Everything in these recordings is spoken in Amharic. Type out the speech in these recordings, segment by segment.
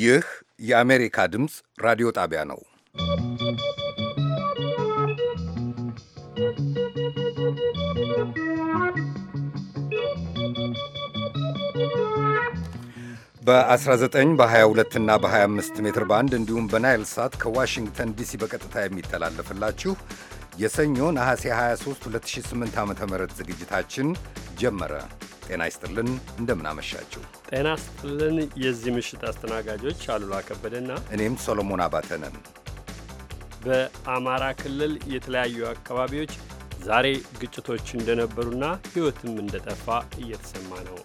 ይህ የአሜሪካ ድምፅ ራዲዮ ጣቢያ ነው። በ19 በ22 እና በ25 ሜትር ባንድ እንዲሁም በናይል ሳት ከዋሽንግተን ዲሲ በቀጥታ የሚተላለፍላችሁ የሰኞ ነሐሴ 23 2008 ዓ ም ዝግጅታችን ጀመረ። ጤና ይስጥልን። እንደምናመሻችው። ጤና ይስጥልን። የዚህ ምሽት አስተናጋጆች አሉላ ከበደና እኔም ሶሎሞን አባተ ነን። በአማራ ክልል የተለያዩ አካባቢዎች ዛሬ ግጭቶች እንደነበሩና ሕይወትም እንደጠፋ እየተሰማ ነው።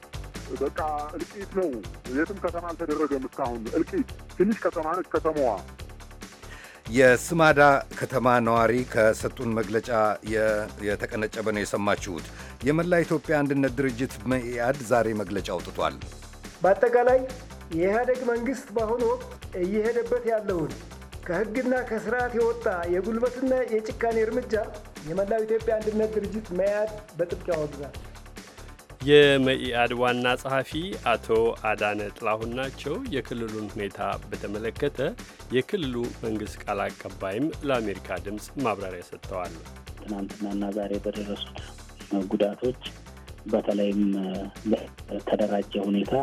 በቃ እልቂት ነው። የትም ከተማ አልተደረገም እስካሁን እልቂት። ትንሽ ከተማ ነች ከተማዋ። የስማዳ ከተማ ነዋሪ ከሰጡን መግለጫ የተቀነጨበ ነው የሰማችሁት። የመላ ኢትዮጵያ አንድነት ድርጅት መኢአድ ዛሬ መግለጫ አውጥቷል። በአጠቃላይ የኢህአደግ መንግሥት በአሁኑ ወቅት እየሄደበት ያለውን ከሕግና ከስርዓት የወጣ የጉልበትና የጭካኔ እርምጃ የመላው ኢትዮጵያ አንድነት ድርጅት መኢአድ በጥብቅ ያወግዛል። የመኢአድ ዋና ጸሐፊ አቶ አዳነ ጥላሁን ናቸው። የክልሉን ሁኔታ በተመለከተ የክልሉ መንግሥት ቃል አቀባይም ለአሜሪካ ድምፅ ማብራሪያ ሰጥተዋል። ትናንትናና ዛሬ በደረሱት ጉዳቶች በተለይም ተደራጀ ሁኔታ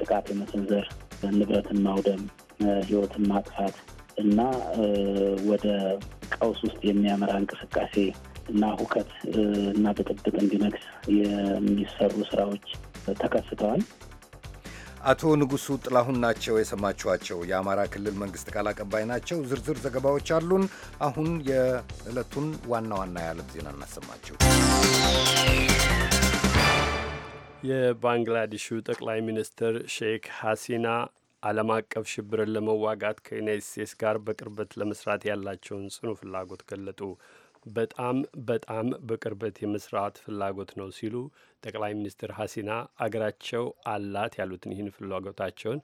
ጥቃት የመሰንዘር፣ ንብረትን ማውደም፣ ህይወትን ማጥፋት እና ወደ ቀውስ ውስጥ የሚያመራ እንቅስቃሴ እና ሁከት እና ብጥብጥ እንዲነግስ የሚሰሩ ስራዎች ተከስተዋል። አቶ ንጉሱ ጥላሁን ናቸው የሰማችኋቸው። የአማራ ክልል መንግስት ቃል አቀባይ ናቸው። ዝርዝር ዘገባዎች አሉን። አሁን የዕለቱን ዋና ዋና የዓለም ዜና እናሰማችሁ። የባንግላዴሹ ጠቅላይ ሚኒስትር ሼክ ሐሲና ዓለም አቀፍ ሽብርን ለመዋጋት ከዩናይት ስቴትስ ጋር በቅርበት ለመስራት ያላቸውን ጽኑ ፍላጎት ገለጡ። በጣም በጣም በቅርበት የመስራት ፍላጎት ነው ሲሉ ጠቅላይ ሚኒስትር ሀሲና አገራቸው አላት ያሉትን ይህን ፍላጎታቸውን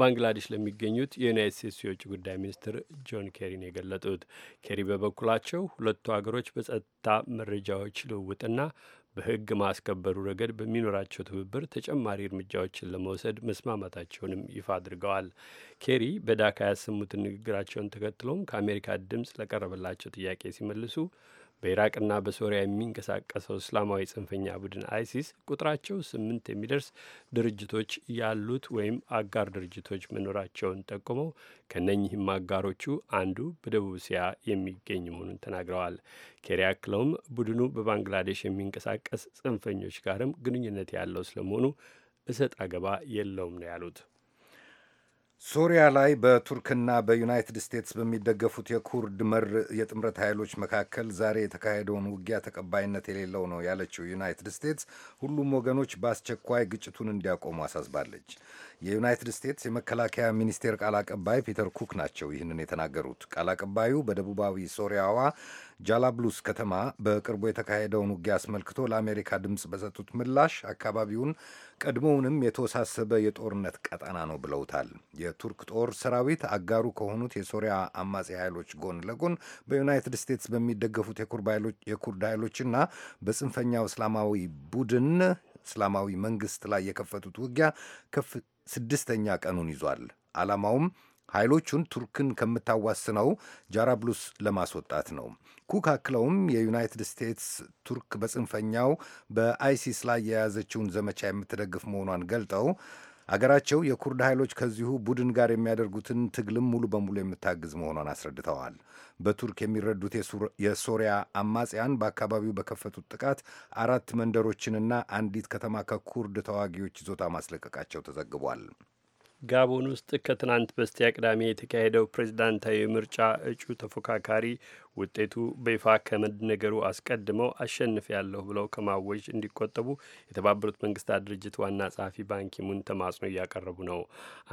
ባንግላዴሽ ለሚገኙት የዩናይት ስቴትስ የውጭ ጉዳይ ሚኒስትር ጆን ኬሪን የገለጡት ኬሪ በበኩላቸው ሁለቱ አገሮች በጸጥታ መረጃዎች ልውውጥና በሕግ ማስከበሩ ረገድ በሚኖራቸው ትብብር ተጨማሪ እርምጃዎችን ለመውሰድ መስማማታቸውንም ይፋ አድርገዋል። ኬሪ በዳካ ያሰሙትን ንግግራቸውን ተከትሎም ከአሜሪካ ድምፅ ለቀረበላቸው ጥያቄ ሲመልሱ በኢራቅና በሶሪያ የሚንቀሳቀሰው እስላማዊ ጽንፈኛ ቡድን አይሲስ ቁጥራቸው ስምንት የሚደርስ ድርጅቶች ያሉት ወይም አጋር ድርጅቶች መኖራቸውን ጠቁመው ከነኚህም አጋሮቹ አንዱ በደቡብ እስያ የሚገኝ መሆኑን ተናግረዋል። ኬሪ አክለውም ቡድኑ በባንግላዴሽ የሚንቀሳቀስ ጽንፈኞች ጋርም ግንኙነት ያለው ስለመሆኑ እሰጥ አገባ የለውም ነው ያሉት። ሶሪያ ላይ በቱርክና በዩናይትድ ስቴትስ በሚደገፉት የኩርድ መር የጥምረት ኃይሎች መካከል ዛሬ የተካሄደውን ውጊያ ተቀባይነት የሌለው ነው ያለችው ዩናይትድ ስቴትስ ሁሉም ወገኖች በአስቸኳይ ግጭቱን እንዲያቆሙ አሳስባለች። የዩናይትድ ስቴትስ የመከላከያ ሚኒስቴር ቃል አቀባይ ፒተር ኩክ ናቸው ይህንን የተናገሩት። ቃል አቀባዩ በደቡባዊ ሶሪያዋ ጃላብሉስ ከተማ በቅርቡ የተካሄደውን ውጊያ አስመልክቶ ለአሜሪካ ድምፅ በሰጡት ምላሽ አካባቢውን ቀድሞውንም የተወሳሰበ የጦርነት ቀጠና ነው ብለውታል። የቱርክ ጦር ሰራዊት አጋሩ ከሆኑት የሶሪያ አማጺ ኃይሎች ጎን ለጎን በዩናይትድ ስቴትስ በሚደገፉት የኩርድ ኃይሎችና በጽንፈኛው እስላማዊ ቡድን እስላማዊ መንግስት ላይ የከፈቱት ውጊያ ስድስተኛ ቀኑን ይዟል። ዓላማውም ኃይሎቹን ቱርክን ከምታዋስነው ጃራብሉስ ለማስወጣት ነው። ኩክ አክለውም የዩናይትድ ስቴትስ ቱርክ በጽንፈኛው በአይሲስ ላይ የያዘችውን ዘመቻ የምትደግፍ መሆኗን ገልጠው አገራቸው የኩርድ ኃይሎች ከዚሁ ቡድን ጋር የሚያደርጉትን ትግልም ሙሉ በሙሉ የምታግዝ መሆኗን አስረድተዋል። በቱርክ የሚረዱት የሶሪያ አማጽያን በአካባቢው በከፈቱት ጥቃት አራት መንደሮችንና አንዲት ከተማ ከኩርድ ተዋጊዎች ይዞታ ማስለቀቃቸው ተዘግቧል። ጋቦን ውስጥ ከትናንት በስቲያ ቅዳሜ የተካሄደው ፕሬዝዳንታዊ ምርጫ እጩ ተፎካካሪ ውጤቱ በይፋ ከመነገሩ አስቀድመው አሸንፍ ያለሁ ብለው ከማወጅ እንዲቆጠቡ የተባበሩት መንግስታት ድርጅት ዋና ጸሐፊ ባንኪሙን ተማጽኖ እያቀረቡ ነው።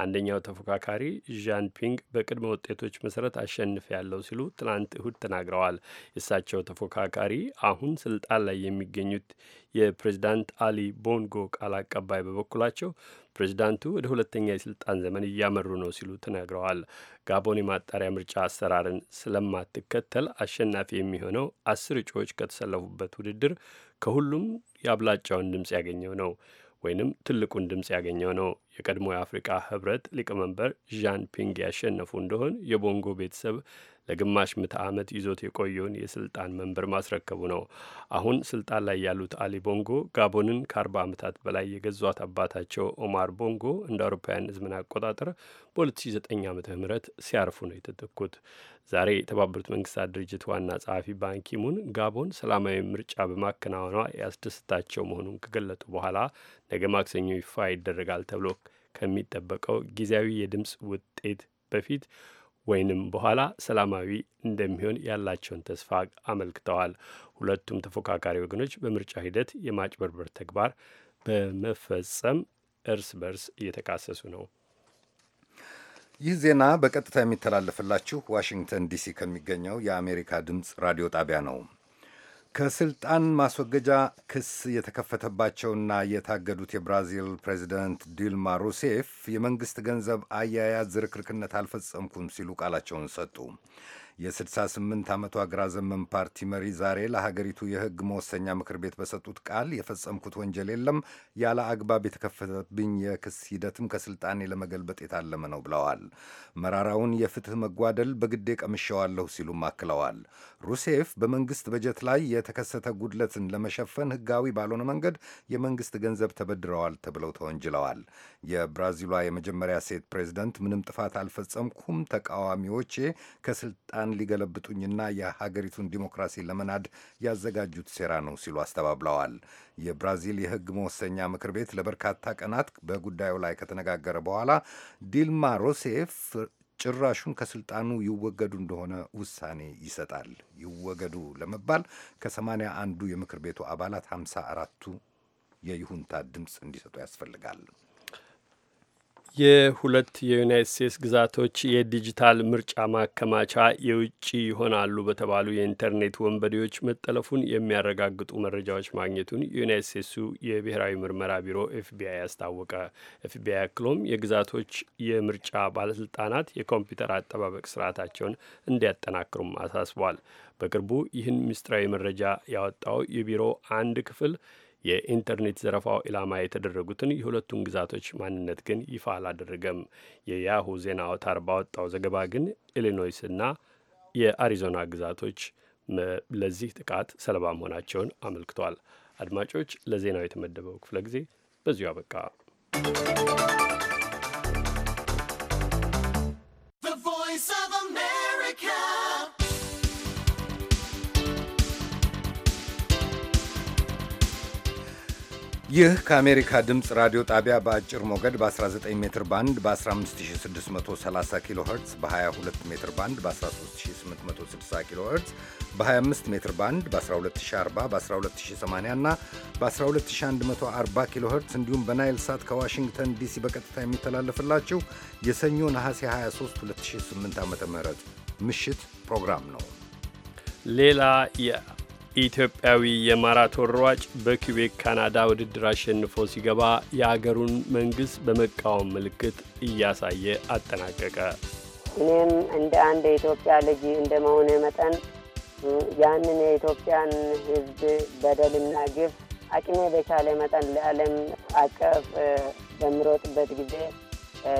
አንደኛው ተፎካካሪ ዣን ፒንግ በቅድመ ውጤቶች መሰረት አሸንፍ ያለው ሲሉ ትናንት እሁድ ተናግረዋል። የእሳቸው ተፎካካሪ አሁን ስልጣን ላይ የሚገኙት የፕሬዝዳንት አሊ ቦንጎ ቃል አቀባይ በበኩላቸው ፕሬዚዳንቱ ወደ ሁለተኛ የስልጣን ዘመን እያመሩ ነው ሲሉ ተናግረዋል። ጋቦን የማጣሪያ ምርጫ አሰራርን ስለማትከተል አሸናፊ የሚሆነው አስር እጩዎች ከተሰለፉበት ውድድር ከሁሉም የአብላጫውን ድምፅ ያገኘው ነው ወይንም ትልቁን ድምፅ ያገኘው ነው። የቀድሞ የአፍሪቃ ህብረት ሊቀመንበር ዣን ፒንግ ያሸነፉ እንደሆን የቦንጎ ቤተሰብ ለግማሽ ምት ዓመት ይዞት የቆየውን የስልጣን መንበር ማስረከቡ ነው። አሁን ስልጣን ላይ ያሉት አሊ ቦንጎ ጋቦንን ከአርባ ዓመታት በላይ የገዟት አባታቸው ኦማር ቦንጎ እንደ አውሮፓውያን ሕዝብን አቆጣጠር በ2009 ዓ ም ሲያርፉ ነው የተጠቁት። ዛሬ የተባበሩት መንግስታት ድርጅት ዋና ጸሐፊ ባንኪሙን ጋቦን ሰላማዊ ምርጫ በማከናወኗ ያስደስታቸው መሆኑን ከገለጡ በኋላ ነገ ማክሰኞ ይፋ ይደረጋል ተብሎ ከሚጠበቀው ጊዜያዊ የድምፅ ውጤት በፊት ወይንም በኋላ ሰላማዊ እንደሚሆን ያላቸውን ተስፋ አመልክተዋል። ሁለቱም ተፎካካሪ ወገኖች በምርጫ ሂደት የማጭበርበር ተግባር በመፈጸም እርስ በርስ እየተካሰሱ ነው። ይህ ዜና በቀጥታ የሚተላለፍላችሁ ዋሽንግተን ዲሲ ከሚገኘው የአሜሪካ ድምፅ ራዲዮ ጣቢያ ነው። ከስልጣን ማስወገጃ ክስ የተከፈተባቸውና የታገዱት የብራዚል ፕሬዚደንት ዲልማ ሩሴፍ የመንግሥት ገንዘብ አያያዝ ዝርክርክነት አልፈጸምኩም ሲሉ ቃላቸውን ሰጡ። የ68 ዓመቷ ግራ ዘመን ፓርቲ መሪ ዛሬ ለሀገሪቱ የሕግ መወሰኛ ምክር ቤት በሰጡት ቃል የፈጸምኩት ወንጀል የለም፣ ያለ አግባብ የተከፈተብኝ የክስ ሂደትም ከስልጣኔ ለመገልበጥ የታለመ ነው ብለዋል። መራራውን የፍትህ መጓደል በግዴ ቀምሸዋለሁ ሲሉም አክለዋል። ሩሴፍ በመንግስት በጀት ላይ የተከሰተ ጉድለትን ለመሸፈን ህጋዊ ባልሆነ መንገድ የመንግስት ገንዘብ ተበድረዋል ተብለው ተወንጅለዋል። የብራዚሏ የመጀመሪያ ሴት ፕሬዚደንት ምንም ጥፋት አልፈጸምኩም፣ ተቃዋሚዎቼ ከስልጣን ሊገለብጡኝና የሀገሪቱን ዲሞክራሲ ለመናድ ያዘጋጁት ሴራ ነው ሲሉ አስተባብለዋል። የብራዚል የህግ መወሰኛ ምክር ቤት ለበርካታ ቀናት በጉዳዩ ላይ ከተነጋገረ በኋላ ዲልማ ሩሴፍ ጭራሹን ከስልጣኑ ይወገዱ እንደሆነ ውሳኔ ይሰጣል። ይወገዱ ለመባል ከሰማንያ አንዱ የምክር ቤቱ አባላት ሃምሳ አራቱ የይሁንታ ድምፅ እንዲሰጡ ያስፈልጋል። የሁለት የዩናይት ስቴትስ ግዛቶች የዲጂታል ምርጫ ማከማቻ የውጭ ይሆናሉ በተባሉ የኢንተርኔት ወንበዴዎች መጠለፉን የሚያረጋግጡ መረጃዎች ማግኘቱን የዩናይት ስቴትሱ የብሔራዊ ምርመራ ቢሮ ኤፍቢአይ አስታወቀ። ኤፍቢአይ አክሎም የግዛቶች የምርጫ ባለስልጣናት የኮምፒውተር አጠባበቅ ስርዓታቸውን እንዲያጠናክሩም አሳስቧል። በቅርቡ ይህን ምስጢራዊ መረጃ ያወጣው የቢሮ አንድ ክፍል የኢንተርኔት ዘረፋው ኢላማ የተደረጉትን የሁለቱን ግዛቶች ማንነት ግን ይፋ አላደረገም። የያሁ ዜና አውታር ባወጣው ዘገባ ግን ኢሊኖይስና የአሪዞና ግዛቶች ለዚህ ጥቃት ሰለባ መሆናቸውን አመልክቷል። አድማጮች፣ ለዜናው የተመደበው ክፍለ ጊዜ በዚሁ አበቃ። ይህ ከአሜሪካ ድምፅ ራዲዮ ጣቢያ በአጭር ሞገድ በ19 ሜትር ባንድ በ15630 ኪሎ ኸርትዝ በ22 ሜትር ባንድ በ13860 ኪሎ ኸርትዝ በ25 ሜትር ባንድ በ12040 በ12080 እና በ12140 ኪሎ ኸርትዝ እንዲሁም በናይል ሳት ከዋሽንግተን ዲሲ በቀጥታ የሚተላለፍላችሁ የሰኞ ነሐሴ 23 2008 ዓ ም ምሽት ፕሮግራም ነው። ሌላ ኢትዮጵያዊ የማራቶን ሯጭ በኪቤክ ካናዳ ውድድር አሸንፎ ሲገባ የአገሩን መንግስት በመቃወም ምልክት እያሳየ አጠናቀቀ። እኔም እንደ አንድ የኢትዮጵያ ልጅ እንደ መጠን ያንን የኢትዮጵያን ሕዝብ በደልና ግፍ አቅሜ በቻለ መጠን ለዓለም አቀፍ በምሮጥበት ጊዜ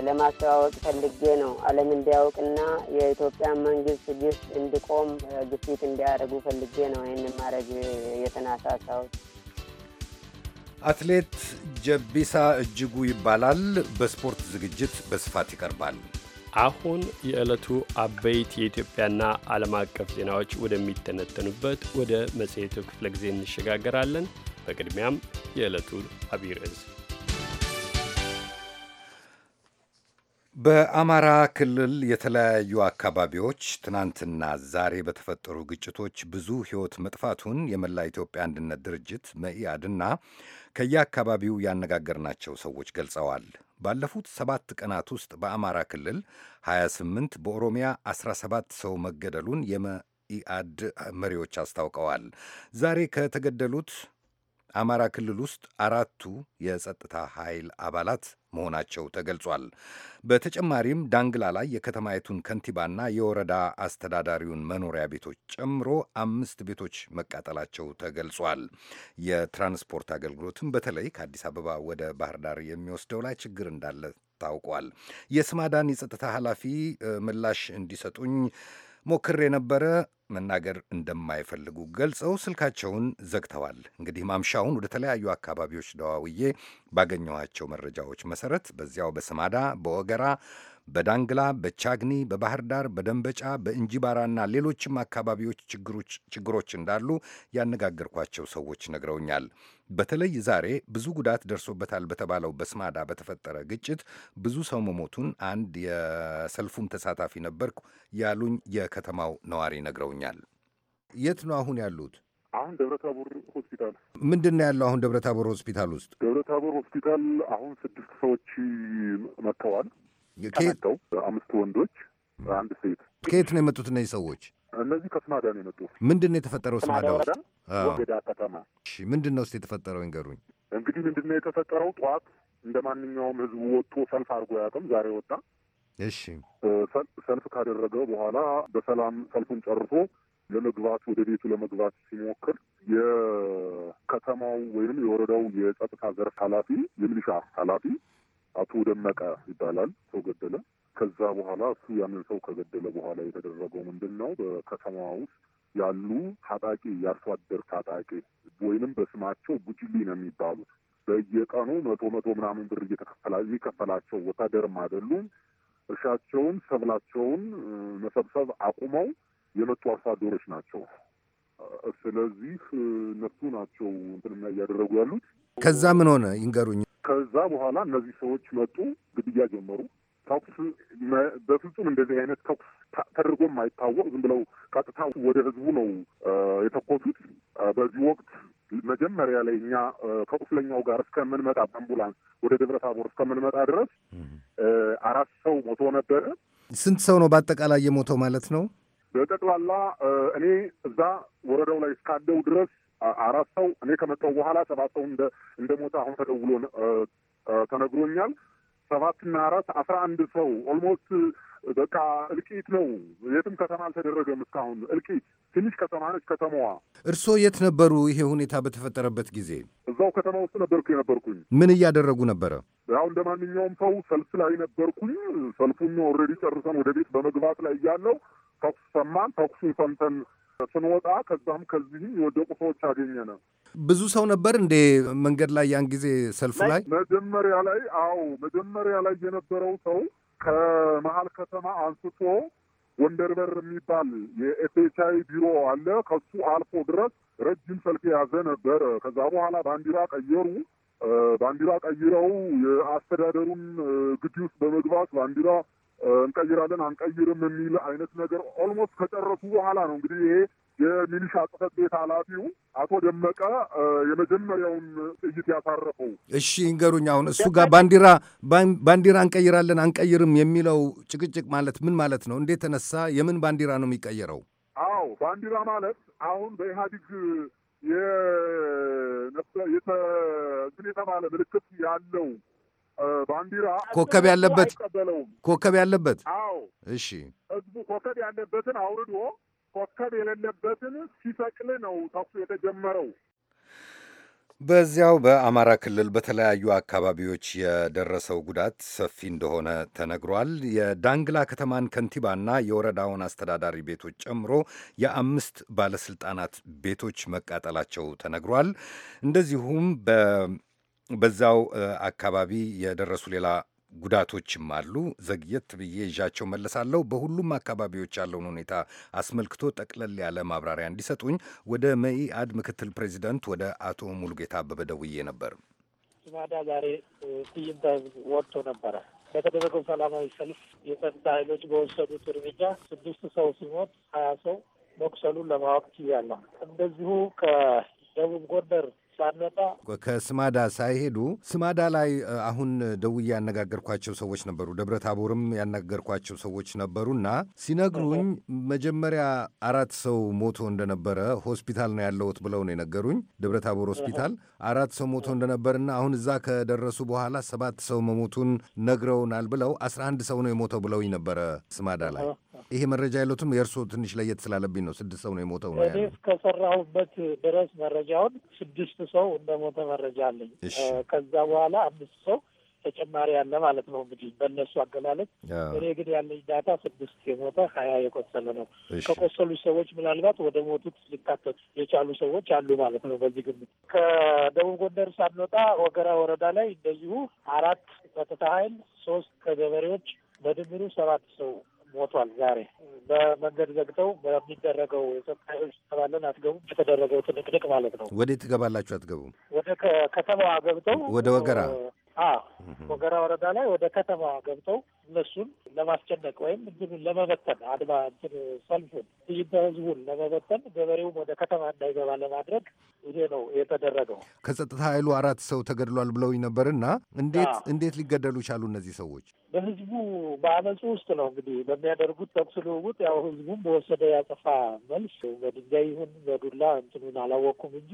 ለማስተዋወቅ ፈልጌ ነው። ዓለም እንዲያውቅና የኢትዮጵያ መንግስት ግስ እንዲቆም ግፊት እንዲያደርጉ ፈልጌ ነው ይህን ማድረግ የተነሳሳሁት። አትሌት ጀቢሳ እጅጉ ይባላል። በስፖርት ዝግጅት በስፋት ይቀርባል። አሁን የዕለቱ አበይት የኢትዮጵያና ዓለም አቀፍ ዜናዎች ወደሚተነተኑበት ወደ መጽሔቱ ክፍለ ጊዜ እንሸጋገራለን። በቅድሚያም የዕለቱ አብይ ርዕስ በአማራ ክልል የተለያዩ አካባቢዎች ትናንትና ዛሬ በተፈጠሩ ግጭቶች ብዙ ሕይወት መጥፋቱን የመላ ኢትዮጵያ አንድነት ድርጅት መኢአድና ከየአካባቢው ያነጋገርናቸው ሰዎች ገልጸዋል። ባለፉት ሰባት ቀናት ውስጥ በአማራ ክልል 28፣ በኦሮሚያ 17 ሰው መገደሉን የመኢአድ መሪዎች አስታውቀዋል። ዛሬ ከተገደሉት አማራ ክልል ውስጥ አራቱ የጸጥታ ኃይል አባላት መሆናቸው ተገልጿል። በተጨማሪም ዳንግላ ላይ የከተማይቱን ከንቲባና የወረዳ አስተዳዳሪውን መኖሪያ ቤቶች ጨምሮ አምስት ቤቶች መቃጠላቸው ተገልጿል። የትራንስፖርት አገልግሎትም በተለይ ከአዲስ አበባ ወደ ባህር ዳር የሚወስደው ላይ ችግር እንዳለ ታውቋል። የስማዳን የጸጥታ ኃላፊ ምላሽ እንዲሰጡኝ ሞክሬ ነበረ። መናገር እንደማይፈልጉ ገልጸው ስልካቸውን ዘግተዋል። እንግዲህ ማምሻውን ወደ ተለያዩ አካባቢዎች ደዋውዬ ባገኘኋቸው መረጃዎች መሰረት በዚያው በስማዳ፣ በወገራ በዳንግላ፣ በቻግኒ፣ በባህር ዳር፣ በደንበጫ፣ በእንጂባራና ሌሎችም አካባቢዎች ችግሮች እንዳሉ ያነጋገርኳቸው ሰዎች ነግረውኛል። በተለይ ዛሬ ብዙ ጉዳት ደርሶበታል በተባለው በስማዳ በተፈጠረ ግጭት ብዙ ሰው መሞቱን አንድ የሰልፉም ተሳታፊ ነበርኩ ያሉኝ የከተማው ነዋሪ ነግረውኛል። የት ነው አሁን ያሉት? አሁን ደብረታቦር ሆስፒታል። ምንድን ነው ያለው አሁን ደብረታቦር ሆስፒታል ውስጥ? ደብረታቦር ሆስፒታል አሁን ስድስት ሰዎች መጥተዋል። ተነቀው አምስት ወንዶች፣ አንድ ሴት። ከየት ነው የመጡት እነዚህ ሰዎች? እነዚህ ከስማዳ ነው የመጡት። ምንድን ነው የተፈጠረው? ስማዳ ውስጥ ወገዳ ከተማ ምንድን ነው ውስጥ የተፈጠረው? ይንገሩኝ። እንግዲህ ምንድን ነው የተፈጠረው? ጠዋት እንደ ማንኛውም ህዝቡ ወጥቶ ሰልፍ አድርጎ ያቅም ዛሬ ወጣ። እሺ። ሰልፍ ካደረገ በኋላ በሰላም ሰልፉን ጨርሶ ለመግባት ወደ ቤቱ ለመግባት ሲሞክር የከተማው ወይም የወረዳው የጸጥታ ዘርፍ ኃላፊ የሚሊሻ ኃላፊ አቶ ደመቀ ይባላል ሰው ገደለ። ከዛ በኋላ እሱ ያንን ሰው ከገደለ በኋላ የተደረገው ምንድን ነው? በከተማ ውስጥ ያሉ ታጣቂ የአርሶ አደር ታጣቂ ወይንም በስማቸው ጉጅሊ ነው የሚባሉት በየቀኑ መቶ መቶ ምናምን ብር እየተከፈላ የሚከፈላቸው ወታደርም አይደሉም። እርሻቸውን ሰብላቸውን መሰብሰብ አቁመው የመጡ አርሶ አደሮች ናቸው። ስለዚህ እነሱ ናቸው እንትንና እያደረጉ ያሉት። ከዛ ምን ሆነ ይንገሩኝ። ከዛ በኋላ እነዚህ ሰዎች መጡ፣ ግድያ ጀመሩ። ተኩስ በፍጹም እንደዚህ አይነት ተኩስ ተደርጎም አይታወቅ። ዝም ብለው ቀጥታ ወደ ህዝቡ ነው የተኮሱት። በዚህ ወቅት መጀመሪያ ላይ እኛ ከቁስለኛው ጋር እስከምንመጣ በአምቡላንስ ወደ ደብረ ታቦር እስከምንመጣ ድረስ አራት ሰው ሞቶ ነበረ። ስንት ሰው ነው በአጠቃላይ የሞተው ማለት ነው? በጠቅላላ እኔ እዛ ወረዳው ላይ እስካለው ድረስ አራት ሰው እኔ ከመጣው በኋላ ሰባት ሰው እንደ ሞተ አሁን ተደውሎ ተነግሮኛል። ሰባትና አራት አስራ አንድ ሰው ኦልሞስት በቃ እልቂት ነው። የትም ከተማ አልተደረገም እስካሁን እልቂት። ትንሽ ከተማ ነች ከተማዋ። እርስዎ የት ነበሩ ይሄ ሁኔታ በተፈጠረበት ጊዜ? እዛው ከተማ ውስጥ ነበርኩ የነበርኩኝ። ምን እያደረጉ ነበረ? ያው እንደ ማንኛውም ሰው ሰልፍ ላይ ነበርኩኝ። ሰልፉን ኦልሬዲ ጨርሰን ወደ ቤት በመግባት ላይ እያለው ተኩስ ሰማን። ተኩሱ ሰምተን ስንወጣ ከዛም ከዚህም የወደቁ ሰዎች ነው ብዙ ሰው ነበር እንዴ መንገድ ላይ ያን ጊዜ ሰልፉ ላይ? መጀመሪያ ላይ አዎ፣ መጀመሪያ ላይ የነበረው ሰው ከመሀል ከተማ አንስቶ ወንደርበር የሚባል የኤፍኤችአይ ቢሮ አለ። ከሱ አልፎ ድረስ ረጅም ሰልፍ የያዘ ነበር። ከዛ በኋላ ባንዲራ ቀየሩ። ባንዲራ ቀይረው የአስተዳደሩን ግቢ ውስጥ በመግባት ባንዲራ እንቀይራለን አንቀይርም የሚል አይነት ነገር ኦልሞስት ከጨረሱ በኋላ ነው እንግዲህ ይሄ የሚሊሻ ጽፈት ቤት ኃላፊው አቶ ደመቀ የመጀመሪያውን ጥይት ያሳረፈው። እሺ ይንገሩኝ፣ አሁን እሱ ጋር ባንዲራ ባንዲራ እንቀይራለን አንቀይርም የሚለው ጭቅጭቅ ማለት ምን ማለት ነው? እንዴት ተነሳ? የምን ባንዲራ ነው የሚቀየረው? አዎ ባንዲራ ማለት አሁን በኢህአዲግ የተባለ ምልክት ያለው ባንዲራ ኮከብ ያለበት ኮከብ ያለበት አዎ፣ እሺ፣ ህዝቡ ኮከብ ያለበትን አውርዶ ኮከብ የሌለበትን ሲሰቅል ነው ተኩሱ የተጀመረው። በዚያው በአማራ ክልል በተለያዩ አካባቢዎች የደረሰው ጉዳት ሰፊ እንደሆነ ተነግሯል። የዳንግላ ከተማን ከንቲባና የወረዳውን አስተዳዳሪ ቤቶች ጨምሮ የአምስት ባለስልጣናት ቤቶች መቃጠላቸው ተነግሯል። እንደዚሁም በዛው አካባቢ የደረሱ ሌላ ጉዳቶችም አሉ። ዘግየት ብዬ ይዣቸው መለሳለሁ። በሁሉም አካባቢዎች ያለውን ሁኔታ አስመልክቶ ጠቅለል ያለ ማብራሪያ እንዲሰጡኝ ወደ መኢአድ ምክትል ፕሬዚደንት ወደ አቶ ሙሉጌታ አበበ ደውዬ ነበር። ማዳ ዛሬ ትዕይንተ ህዝብ ወጥቶ ነበረ። በተደረገው ሰላማዊ ሰልፍ የጸጥታ ኃይሎች በወሰዱት እርምጃ ስድስት ሰው ሲሞት ሀያ ሰው መቁሰሉን ለማወቅ ችያለሁ። እንደዚሁ ከደቡብ ጎንደር ሳንወጣ ከስማዳ ሳይሄዱ ስማዳ ላይ አሁን ደውዬ ያነጋገርኳቸው ሰዎች ነበሩ። ደብረ ታቦርም ያነጋገርኳቸው ሰዎች ነበሩና ሲነግሩኝ መጀመሪያ አራት ሰው ሞቶ እንደነበረ ሆስፒታል ነው ያለሁት ብለው ነው የነገሩኝ። ደብረ ታቦር ሆስፒታል አራት ሰው ሞቶ እንደነበርና አሁን እዛ ከደረሱ በኋላ ሰባት ሰው መሞቱን ነግረውናል ብለው አስራ አንድ ሰው ነው የሞተው ብለውኝ ነበረ ስማዳ ላይ ይሄ መረጃ የለውትም? የእርስዎ ትንሽ ለየት ስላለብኝ ነው። ስድስት ሰው ነው የሞተው ነው። እኔ እስከሰራሁበት ድረስ መረጃውን ስድስት ሰው እንደሞተ መረጃ አለኝ። ከዛ በኋላ አምስት ሰው ተጨማሪ ያለ ማለት ነው እንግዲህ በእነሱ አገላለጽ። እኔ ግን ያለኝ ዳታ ስድስት የሞተ ሀያ የቆሰለ ነው። ከቆሰሉ ሰዎች ምናልባት ወደ ሞቱት ሊካተቱ የቻሉ ሰዎች አሉ ማለት ነው። በዚህ ግምት ከደቡብ ጎንደር ሳንወጣ ወገራ ወረዳ ላይ እንደዚሁ አራት ጸጥታ ኃይል ሶስት ከገበሬዎች በድምሩ ሰባት ሰው ሞቷል። ዛሬ በመንገድ ዘግተው በሚደረገው የጸጥታ ተባለን አትገቡም የተደረገው ትንቅንቅ ማለት ነው። ወዴት ትገባላችሁ? አትገቡም። ወደ ከተማዋ ገብተው ወደ ወገራ ወገራ ወረዳ ላይ ወደ ከተማ ገብተው እነሱን ለማስጨነቅ ወይም እንትኑን ለመበተን አድማ እንትን ሰልፉን ትይንተ ህዝቡን ለመበተን ገበሬውም ወደ ከተማ እንዳይገባ ለማድረግ ይሄ ነው የተደረገው። ከጸጥታ ኃይሉ አራት ሰው ተገድሏል ብለውኝ ነበርና እንዴት እንዴት ሊገደሉ ቻሉ እነዚህ ሰዎች? በህዝቡ በአመፁ ውስጥ ነው እንግዲህ በሚያደርጉት ተኩስ ልውውጥ ያው ህዝቡም በወሰደ ያጸፋ መልስ በድንጋይ ይሁን በዱላ እንትኑን አላወቅኩም እንጂ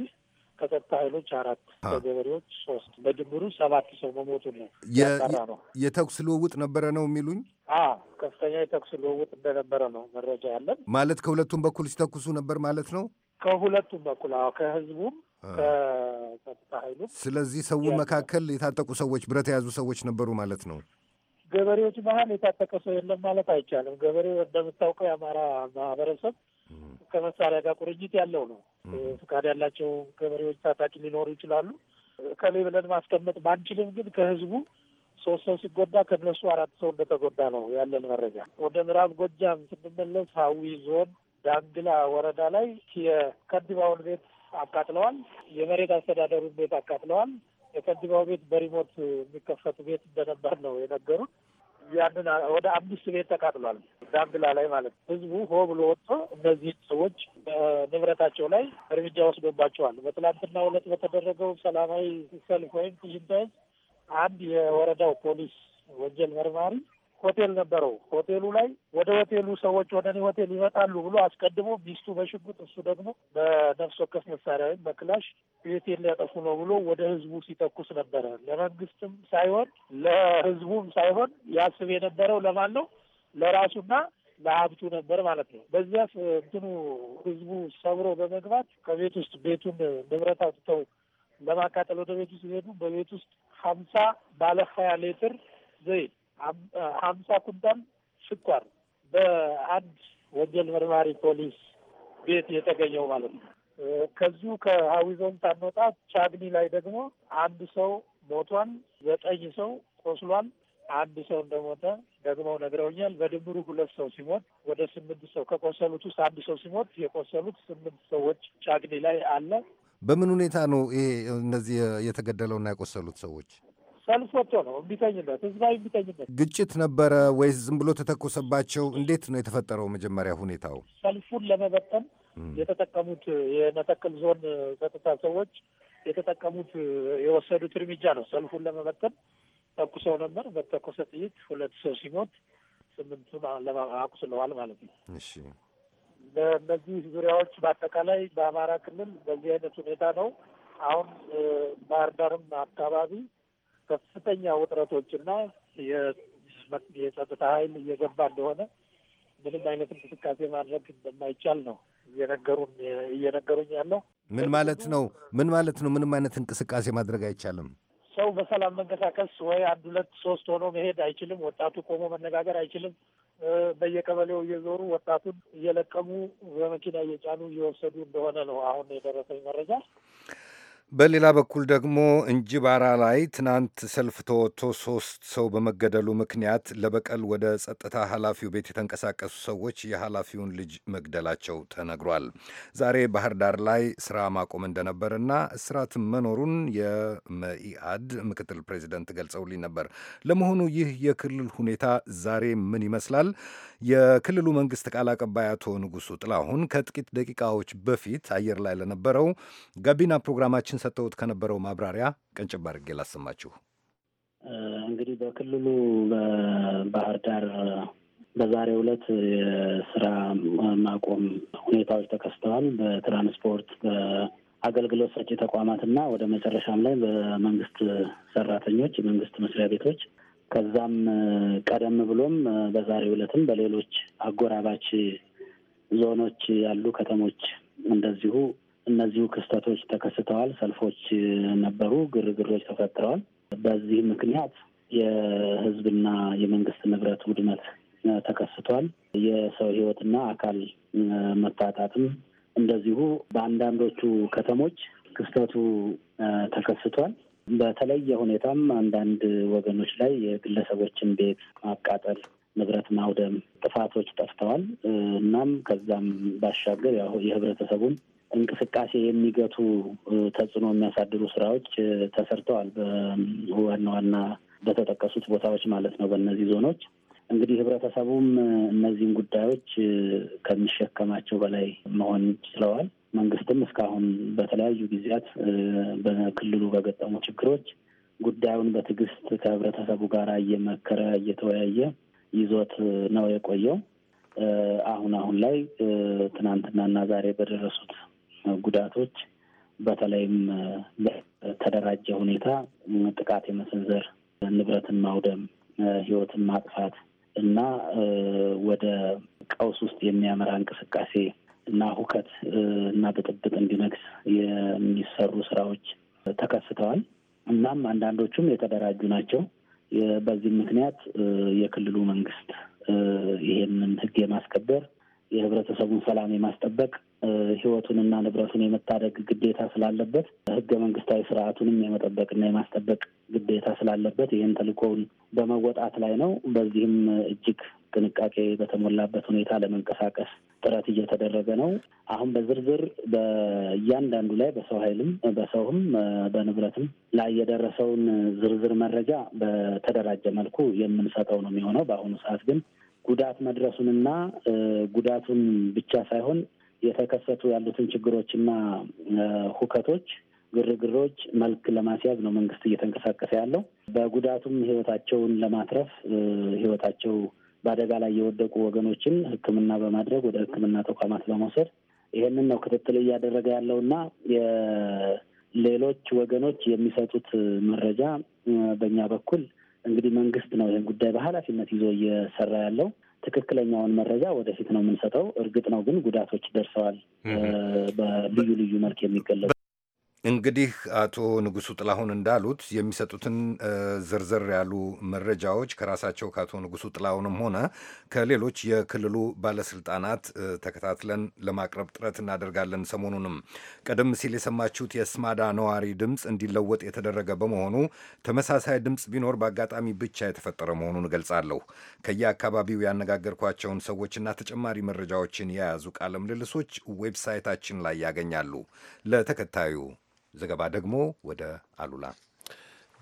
ከጸጥታ ኃይሎች አራት፣ ከገበሬዎች ሶስት፣ በድምሩ ሰባት ሰው መሞቱ ነው ያጠራ ነው። የተኩስ ልውውጥ ነበረ ነው የሚሉኝ? አዎ ከፍተኛ የተኩስ ልውውጥ እንደነበረ ነው መረጃ ያለን። ማለት ከሁለቱም በኩል ሲተኩሱ ነበር ማለት ነው? ከሁለቱም በኩል አዎ፣ ከህዝቡም ከጸጥታ ኃይሉ። ስለዚህ ሰው መካከል የታጠቁ ሰዎች ብረት የያዙ ሰዎች ነበሩ ማለት ነው? ገበሬዎች መሀል የታጠቀ ሰው የለም ማለት አይቻልም። ገበሬው እንደምታውቀው የአማራ ማህበረሰብ ከመሳሪያ ጋር ቁርኝት ያለው ነው። ፍቃድ ያላቸው ገበሬዎች ታጣቂ ሊኖሩ ይችላሉ። ከሌ ብለን ማስቀመጥ ባንችልም ግን ከህዝቡ ሶስት ሰው ሲጎዳ ከነሱ አራት ሰው እንደተጎዳ ነው ያለን መረጃ። ወደ ምዕራብ ጎጃም ስንመለስ ሀዊ ዞን ዳንግላ ወረዳ ላይ የከንቲባውን ቤት አቃጥለዋል። የመሬት አስተዳደሩን ቤት አቃጥለዋል። የከንቲባው ቤት በሪሞት የሚከፈት ቤት እንደነበር ነው የነገሩት። ያንን ወደ አምስት ቤት ተቃጥሏል። ዳንግላ ላይ ማለት ነው። ህዝቡ ሆ ብሎ ወጥቶ እነዚህ ሰዎች በንብረታቸው ላይ እርምጃ ወስዶባቸዋል። በትላንትና ዕለት በተደረገው ሰላማዊ ሰልፍ ወይም ትዕይንተ ህዝብ አንድ የወረዳው ፖሊስ ወንጀል መርማሪ ሆቴል ነበረው። ሆቴሉ ላይ ወደ ሆቴሉ ሰዎች ወደ እኔ ሆቴል ይመጣሉ ብሎ አስቀድሞ ሚስቱ በሽጉጥ እሱ ደግሞ በነፍስ ወከፍ መሳሪያ ወይም በክላሽ ቤቴን ሊያጠፉ ነው ብሎ ወደ ህዝቡ ሲተኩስ ነበረ። ለመንግስትም ሳይሆን ለህዝቡም ሳይሆን ያስብ የነበረው ለማን ነው? ለራሱና ለሀብቱ ነበር ማለት ነው። በዚያ እንትኑ ህዝቡ ሰብሮ በመግባት ከቤት ውስጥ ቤቱን ንብረት አውጥተው ለማቃጠል ወደ ቤቱ ሲሄዱ በቤት ውስጥ ሀምሳ ባለ ሀያ ሌትር ዘይት ሀምሳ ኩንታል ስኳር በአንድ ወንጀል መርማሪ ፖሊስ ቤት የተገኘው ማለት ነው። ከዚሁ ከሀዊ ዞን ሳንወጣ ቻግኒ ላይ ደግሞ አንድ ሰው ሞቷል፣ ዘጠኝ ሰው ቆስሏል። አንድ ሰው እንደሞተ ደግሞ ነግረውኛል። በድምሩ ሁለት ሰው ሲሞት ወደ ስምንት ሰው ከቆሰሉት ውስጥ አንድ ሰው ሲሞት የቆሰሉት ስምንት ሰዎች ቻግኒ ላይ አለ። በምን ሁኔታ ነው ይሄ እነዚህ የተገደለውና የቆሰሉት ሰዎች? ሰልፍ ወጥቶ ነው እምቢተኝነት፣ ህዝባዊ እምቢተኝነት። ግጭት ነበረ ወይስ ዝም ብሎ ተተኮሰባቸው? እንዴት ነው የተፈጠረው? መጀመሪያ ሁኔታው ሰልፉን ለመበጠን የተጠቀሙት የመተከል ዞን ጸጥታ ሰዎች የተጠቀሙት የወሰዱት እርምጃ ነው። ሰልፉን ለመበጠን ተኩሰው ነበር። በተኮሰ ጥይት ሁለት ሰው ሲሞት ስምንቱ አቁስለዋል ማለት ነው። እሺ በእነዚህ ዙሪያዎች በአጠቃላይ በአማራ ክልል በዚህ አይነት ሁኔታ ነው። አሁን ባህር ዳርም አካባቢ ከፍተኛ ውጥረቶችና የጸጥታ ኃይል እየገባ እንደሆነ ምንም አይነት እንቅስቃሴ ማድረግ እንደማይቻል ነው እየነገሩን እየነገሩኝ ያለው። ምን ማለት ነው? ምን ማለት ነው? ምንም አይነት እንቅስቃሴ ማድረግ አይቻልም። ሰው በሰላም መንቀሳቀስ ወይ አንድ ሁለት ሶስት ሆኖ መሄድ አይችልም። ወጣቱ ቆሞ መነጋገር አይችልም። በየቀበሌው እየዞሩ ወጣቱን እየለቀሙ በመኪና እየጫኑ እየወሰዱ እንደሆነ ነው አሁን የደረሰኝ መረጃ። በሌላ በኩል ደግሞ እንጅባራ ላይ ትናንት ሰልፍ ተወጥቶ ሶስት ሰው በመገደሉ ምክንያት ለበቀል ወደ ጸጥታ ኃላፊው ቤት የተንቀሳቀሱ ሰዎች የኃላፊውን ልጅ መግደላቸው ተነግሯል። ዛሬ ባህር ዳር ላይ ስራ ማቆም እንደነበርና እስራትም መኖሩን የመኢአድ ምክትል ፕሬዚደንት ገልጸውልኝ ነበር። ለመሆኑ ይህ የክልል ሁኔታ ዛሬ ምን ይመስላል? የክልሉ መንግስት ቃል አቀባይ አቶ ንጉሱ ጥላሁን ከጥቂት ደቂቃዎች በፊት አየር ላይ ለነበረው ጋቢና ፕሮግራማችን ሰጥተውት ከነበረው ማብራሪያ ቀንጭብ አድርጌ ላሰማችሁ። እንግዲህ በክልሉ በባህር ዳር በዛሬ ዕለት የስራ ማቆም ሁኔታዎች ተከስተዋል። በትራንስፖርት በአገልግሎት ሰጪ ተቋማት እና ወደ መጨረሻም ላይ በመንግስት ሰራተኞች፣ የመንግስት መስሪያ ቤቶች ከዛም ቀደም ብሎም በዛሬ ዕለትም በሌሎች አጎራባች ዞኖች ያሉ ከተሞች እንደዚሁ እነዚሁ ክስተቶች ተከስተዋል። ሰልፎች ነበሩ፣ ግርግሮች ተፈጥረዋል። በዚህ ምክንያት የህዝብና የመንግስት ንብረት ውድመት ተከስቷል። የሰው ህይወትና አካል መታጣትም እንደዚሁ በአንዳንዶቹ ከተሞች ክስተቱ ተከስቷል። በተለየ ሁኔታም አንዳንድ ወገኖች ላይ የግለሰቦችን ቤት ማቃጠል፣ ንብረት ማውደም ጥፋቶች ጠፍተዋል። እናም ከዛም ባሻገር ያው የህብረተሰቡን እንቅስቃሴ የሚገቱ ተጽዕኖ የሚያሳድሩ ስራዎች ተሰርተዋል። በዋና ዋና በተጠቀሱት ቦታዎች ማለት ነው። በእነዚህ ዞኖች እንግዲህ ህብረተሰቡም እነዚህን ጉዳዮች ከሚሸከማቸው በላይ መሆን ችለዋል። መንግስትም እስካሁን በተለያዩ ጊዜያት በክልሉ በገጠሙ ችግሮች ጉዳዩን በትዕግስት ከህብረተሰቡ ጋር እየመከረ እየተወያየ ይዞት ነው የቆየው። አሁን አሁን ላይ ትናንትናና ዛሬ በደረሱት ጉዳቶች በተለይም በተደራጀ ሁኔታ ጥቃት የመሰንዘር፣ ንብረትን ማውደም፣ ህይወትን ማጥፋት እና ወደ ቀውስ ውስጥ የሚያመራ እንቅስቃሴ እና ሁከት እና ብጥብጥ እንዲነግስ የሚሰሩ ስራዎች ተከስተዋል። እናም አንዳንዶቹም የተደራጁ ናቸው። በዚህም ምክንያት የክልሉ መንግስት ይሄንን ህግ የማስከበር የህብረተሰቡን ሰላም የማስጠበቅ ህይወቱንና ንብረቱን የመታደግ ግዴታ ስላለበት ህገ መንግስታዊ ስርዓቱንም የመጠበቅና የማስጠበቅ ግዴታ ስላለበት ይህን ተልእኮውን በመወጣት ላይ ነው። በዚህም እጅግ ጥንቃቄ በተሞላበት ሁኔታ ለመንቀሳቀስ ጥረት እየተደረገ ነው። አሁን በዝርዝር በእያንዳንዱ ላይ በሰው ኃይልም በሰውም በንብረትም ላይ የደረሰውን ዝርዝር መረጃ በተደራጀ መልኩ የምንሰጠው ነው የሚሆነው። በአሁኑ ሰዓት ግን ጉዳት መድረሱንና ጉዳቱን ብቻ ሳይሆን የተከሰቱ ያሉትን ችግሮችና ሁከቶች፣ ግርግሮች መልክ ለማስያዝ ነው መንግስት እየተንቀሳቀሰ ያለው። በጉዳቱም ህይወታቸውን ለማትረፍ ህይወታቸው በአደጋ ላይ የወደቁ ወገኖችን ሕክምና በማድረግ ወደ ሕክምና ተቋማት በመውሰድ ይህንን ነው ክትትል እያደረገ ያለው እና ሌሎች ወገኖች የሚሰጡት መረጃ በእኛ በኩል እንግዲህ መንግስት ነው ይህን ጉዳይ በኃላፊነት ይዞ እየሰራ ያለው። ትክክለኛውን መረጃ ወደፊት ነው የምንሰጠው። እርግጥ ነው ግን ጉዳቶች ደርሰዋል፣ በልዩ ልዩ መልክ የሚገለጹ እንግዲህ አቶ ንጉሱ ጥላሁን እንዳሉት የሚሰጡትን ዝርዝር ያሉ መረጃዎች ከራሳቸው ከአቶ ንጉሱ ጥላሁንም ሆነ ከሌሎች የክልሉ ባለስልጣናት ተከታትለን ለማቅረብ ጥረት እናደርጋለን። ሰሞኑንም ቀደም ሲል የሰማችሁት የስማዳ ነዋሪ ድምፅ እንዲለወጥ የተደረገ በመሆኑ ተመሳሳይ ድምፅ ቢኖር በአጋጣሚ ብቻ የተፈጠረ መሆኑን እገልጻለሁ። ከየአካባቢው ያነጋገርኳቸውን ሰዎችና ተጨማሪ መረጃዎችን የያዙ ቃለ ምልልሶች ዌብሳይታችን ላይ ያገኛሉ። ለተከታዩ ዘገባ ደግሞ ወደ አሉላ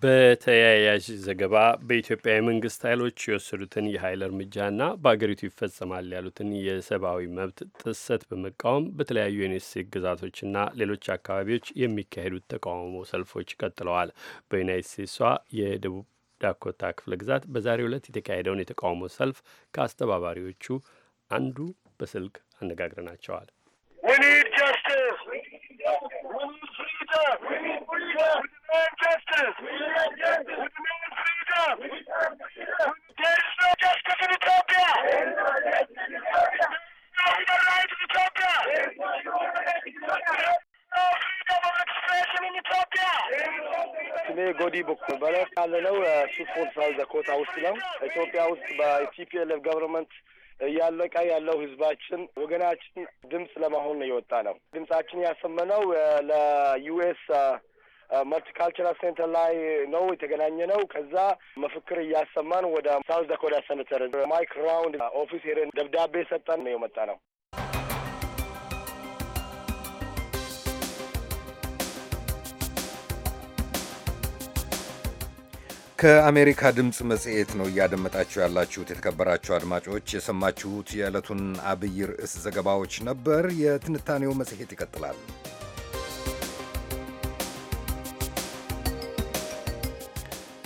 በተያያዥ ዘገባ በኢትዮጵያ የመንግስት ኃይሎች የወሰዱትን የኃይል እርምጃና በአገሪቱ ይፈጸማል ያሉትን የሰብአዊ መብት ጥሰት በመቃወም በተለያዩ የዩናይት ስቴትስ ግዛቶችና ሌሎች አካባቢዎች የሚካሄዱት ተቃውሞ ሰልፎች ቀጥለዋል። በዩናይት ስቴትሷ የደቡብ ዳኮታ ክፍለ ግዛት በዛሬው ዕለት የተካሄደውን የተቃውሞ ሰልፍ ከአስተባባሪዎቹ አንዱ በስልክ አነጋግረናቸዋል። freedom. We need freedom. We demand justice. We demand justice. We demand freedom. We demand freedom. There is no justice in Ethiopia. There is no in Ethiopia. No human rights in Ethiopia. in Ethiopia. ስሜ ጎዲ ቦክ ይባላል። ያለነው ሱፖርት ሳውዝ ዳኮታ ውስጥ ነው። ኢትዮጵያ ውስጥ በቲፒኤልኤፍ ገቨርንመንት እያለቀ ያለው ህዝባችን ወገናችን ድምፅ ለመሆን ነው የወጣ ነው። ድምጻችን ያሰመነው ለዩኤስ መልቲካልቸራል ሴንተር ላይ ነው የተገናኘ ነው። ከዛ መፈክር እያሰማን ወደ ሳውዝ ዳኮታ ሴኔተር ማይክ ራውንድ ኦፊስ ሄደን ደብዳቤ ሰጠን ነው የመጣ ነው። ከአሜሪካ ድምፅ መጽሔት ነው እያደመጣችሁ ያላችሁት። የተከበራችሁ አድማጮች የሰማችሁት የዕለቱን አብይ ርዕስ ዘገባዎች ነበር። የትንታኔው መጽሔት ይቀጥላል።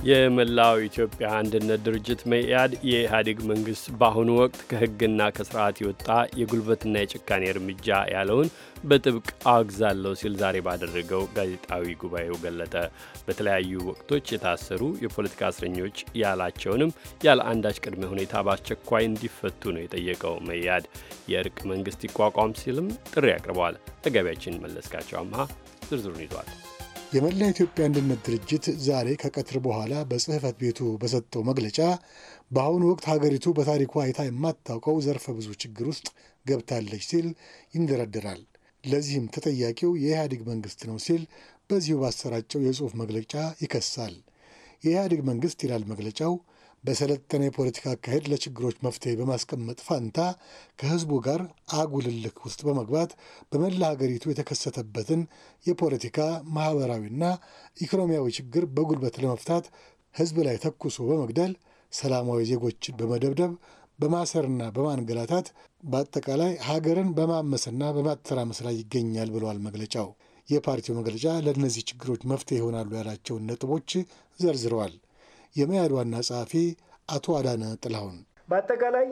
የመላው ኢትዮጵያ አንድነት ድርጅት መኢአድ የኢህአዴግ መንግስት በአሁኑ ወቅት ከህግና ከስርዓት የወጣ የጉልበትና የጭካኔ እርምጃ ያለውን በጥብቅ አወግዛለሁ ሲል ዛሬ ባደረገው ጋዜጣዊ ጉባኤው ገለጠ። በተለያዩ ወቅቶች የታሰሩ የፖለቲካ እስረኞች ያላቸውንም ያለ አንዳች ቅድመ ሁኔታ በአስቸኳይ እንዲፈቱ ነው የጠየቀው። መያድ የእርቅ መንግስት ይቋቋም ሲልም ጥሪ አቅርበዋል። ተገቢያችን መለስካቸው አምሃ ዝርዝሩን ይዟል። የመላ ኢትዮጵያ አንድነት ድርጅት ዛሬ ከቀትር በኋላ በጽህፈት ቤቱ በሰጠው መግለጫ በአሁኑ ወቅት ሀገሪቱ በታሪኩ አይታ የማታውቀው ዘርፈ ብዙ ችግር ውስጥ ገብታለች ሲል ይንደረደራል። ለዚህም ተጠያቂው የኢህአዴግ መንግስት ነው ሲል በዚሁ ባሰራጨው የጽሑፍ መግለጫ ይከሳል። የኢህአዴግ መንግስት ይላል መግለጫው በሰለጠነ የፖለቲካ አካሄድ ለችግሮች መፍትሄ በማስቀመጥ ፋንታ ከህዝቡ ጋር አጉልልክ ውስጥ በመግባት በመላ ሀገሪቱ የተከሰተበትን የፖለቲካ ማህበራዊና ኢኮኖሚያዊ ችግር በጉልበት ለመፍታት ህዝብ ላይ ተኩሶ በመግደል ሰላማዊ ዜጎችን በመደብደብ በማሰርና በማንገላታት በአጠቃላይ ሀገርን በማመስና በማተራመስ ላይ ይገኛል ብለዋል መግለጫው። የፓርቲው መግለጫ ለእነዚህ ችግሮች መፍትሄ ይሆናሉ ያላቸውን ነጥቦች ዘርዝረዋል። የመያድ ዋና ጸሐፊ አቶ አዳነ ጥላሁን በአጠቃላይ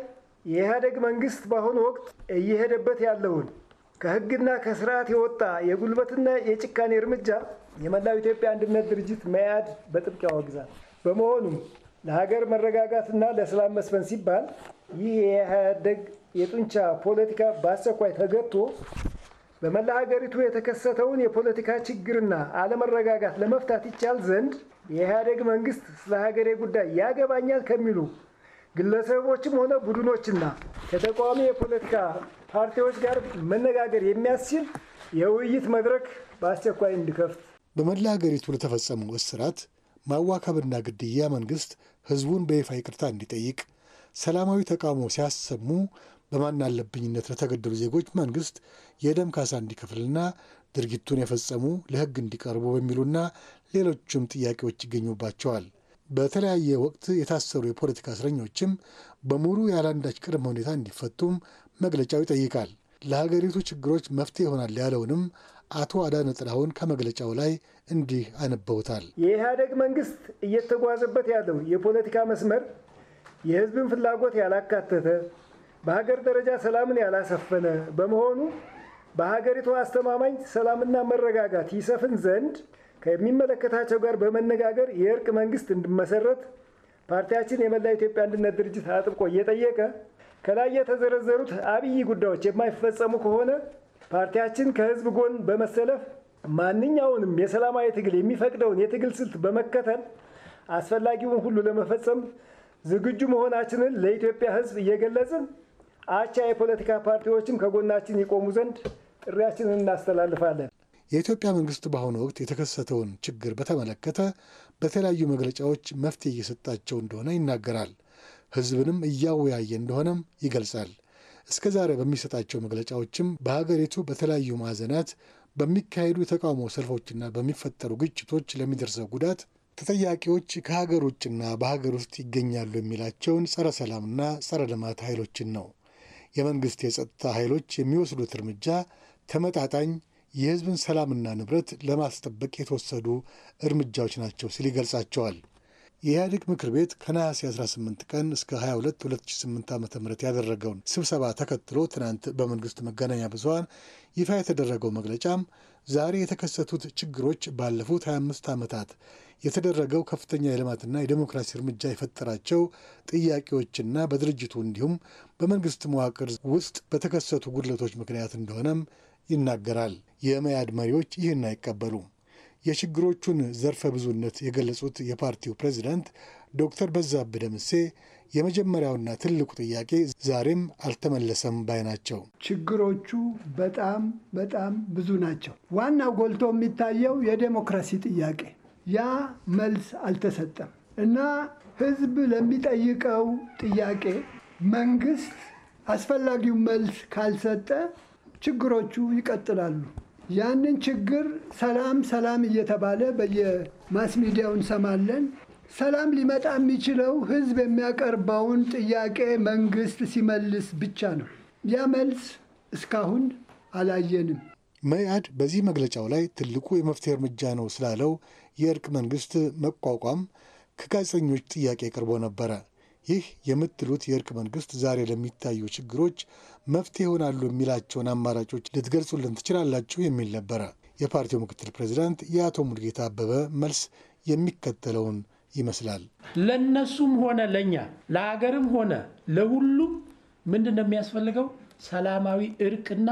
የኢህአደግ መንግስት በአሁኑ ወቅት እየሄደበት ያለውን ከህግና ከስርዓት የወጣ የጉልበትና የጭካኔ እርምጃ የመላው ኢትዮጵያ አንድነት ድርጅት መያድ በጥብቅ ያወግዛል። በመሆኑም ለሀገር መረጋጋትና ለሰላም መስፈን ሲባል ይህ የኢህአደግ የጡንቻ ፖለቲካ በአስቸኳይ ተገቶ በመላ ሀገሪቱ የተከሰተውን የፖለቲካ ችግርና አለመረጋጋት ለመፍታት ይቻል ዘንድ የኢህአዴግ መንግስት ስለ ሀገሬ ጉዳይ ያገባኛል ከሚሉ ግለሰቦችም ሆነ ቡድኖችና ከተቃዋሚ የፖለቲካ ፓርቲዎች ጋር መነጋገር የሚያስችል የውይይት መድረክ በአስቸኳይ እንዲከፍት። በመላ ሀገሪቱ ለተፈጸመው እስራት፣ ማዋከብና ግድያ መንግስት ህዝቡን በይፋ ይቅርታ እንዲጠይቅ፣ ሰላማዊ ተቃውሞ ሲያሰሙ በማን አለብኝነት ለተገደሉ ዜጎች መንግስት የደም ካሳ እንዲከፍልና ድርጊቱን የፈጸሙ ለህግ እንዲቀርቡ በሚሉና ሌሎችም ጥያቄዎች ይገኙባቸዋል። በተለያየ ወቅት የታሰሩ የፖለቲካ እስረኞችም በሙሉ ያለአንዳች ቅድመ ሁኔታ እንዲፈቱም መግለጫው ይጠይቃል። ለሀገሪቱ ችግሮች መፍትሄ ይሆናል ያለውንም አቶ አዳነ ጥላሁን ከመግለጫው ላይ እንዲህ አነበውታል። የኢህአደግ መንግስት እየተጓዘበት ያለው የፖለቲካ መስመር የህዝብን ፍላጎት ያላካተተ በሀገር ደረጃ ሰላምን ያላሰፈነ በመሆኑ በሀገሪቱ አስተማማኝ ሰላምና መረጋጋት ይሰፍን ዘንድ ከሚመለከታቸው ጋር በመነጋገር የእርቅ መንግስት እንዲመሰረት ፓርቲያችን የመላ ኢትዮጵያ አንድነት ድርጅት አጥብቆ እየጠየቀ ከላይ የተዘረዘሩት አብይ ጉዳዮች የማይፈጸሙ ከሆነ ፓርቲያችን ከህዝብ ጎን በመሰለፍ ማንኛውንም የሰላማዊ ትግል የሚፈቅደውን የትግል ስልት በመከተል አስፈላጊውን ሁሉ ለመፈጸም ዝግጁ መሆናችንን ለኢትዮጵያ ህዝብ እየገለጽን አቻ የፖለቲካ ፓርቲዎችም ከጎናችን ይቆሙ ዘንድ ጥሪያችንን እናስተላልፋለን። የኢትዮጵያ መንግስት በአሁኑ ወቅት የተከሰተውን ችግር በተመለከተ በተለያዩ መግለጫዎች መፍትሄ እየሰጣቸው እንደሆነ ይናገራል። ህዝብንም እያወያየ እንደሆነም ይገልጻል። እስከ ዛሬ በሚሰጣቸው መግለጫዎችም በሀገሪቱ በተለያዩ ማዕዘናት በሚካሄዱ የተቃውሞ ሰልፎችና በሚፈጠሩ ግጭቶች ለሚደርሰው ጉዳት ተጠያቂዎች ከሀገር ውጭና በሀገር ውስጥ ይገኛሉ የሚላቸውን ጸረ ሰላምና ጸረ ልማት ኃይሎችን ነው። የመንግስት የጸጥታ ኃይሎች የሚወስዱት እርምጃ ተመጣጣኝ የህዝብን ሰላምና ንብረት ለማስጠበቅ የተወሰዱ እርምጃዎች ናቸው ሲል ይገልጻቸዋል። የኢህአዴግ ምክር ቤት ከነሐሴ 18 ቀን እስከ 22 2008 ዓ ም ያደረገውን ስብሰባ ተከትሎ ትናንት በመንግስት መገናኛ ብዙሀን ይፋ የተደረገው መግለጫም ዛሬ የተከሰቱት ችግሮች ባለፉት 25 ዓመታት የተደረገው ከፍተኛ የልማትና የዴሞክራሲ እርምጃ የፈጠራቸው ጥያቄዎችና በድርጅቱ እንዲሁም በመንግስት መዋቅር ውስጥ በተከሰቱ ጉድለቶች ምክንያት እንደሆነም ይናገራል። የመያድ መሪዎች ይህን አይቀበሉም። የችግሮቹን ዘርፈ ብዙነት የገለጹት የፓርቲው ፕሬዚዳንት ዶክተር በዛብህ ደምሴ የመጀመሪያውና ትልቁ ጥያቄ ዛሬም አልተመለሰም ባይ ናቸው። ችግሮቹ በጣም በጣም ብዙ ናቸው። ዋናው ጎልቶ የሚታየው የዴሞክራሲ ጥያቄ ያ መልስ አልተሰጠም እና ህዝብ ለሚጠይቀው ጥያቄ መንግስት አስፈላጊው መልስ ካልሰጠ ችግሮቹ ይቀጥላሉ። ያንን ችግር ሰላም ሰላም እየተባለ በየማስ ሚዲያው እንሰማለን። ሰላም ሊመጣ የሚችለው ህዝብ የሚያቀርበውን ጥያቄ መንግስት ሲመልስ ብቻ ነው። ያ መልስ እስካሁን አላየንም። መኢአድ በዚህ መግለጫው ላይ ትልቁ የመፍትሄ እርምጃ ነው ስላለው የእርቅ መንግስት መቋቋም ከጋዜጠኞች ጥያቄ ቀርቦ ነበረ። ይህ የምትሉት የእርቅ መንግስት ዛሬ ለሚታዩ ችግሮች መፍትሄ ይሆናሉ የሚላቸውን አማራጮች ልትገልጹልን ትችላላችሁ የሚል ነበረ። የፓርቲው ምክትል ፕሬዚዳንት የአቶ ሙድጌታ አበበ መልስ የሚከተለውን ይመስላል። ለእነሱም ሆነ ለእኛ ለሀገርም ሆነ ለሁሉም ምንድን ነው የሚያስፈልገው? ሰላማዊ እርቅና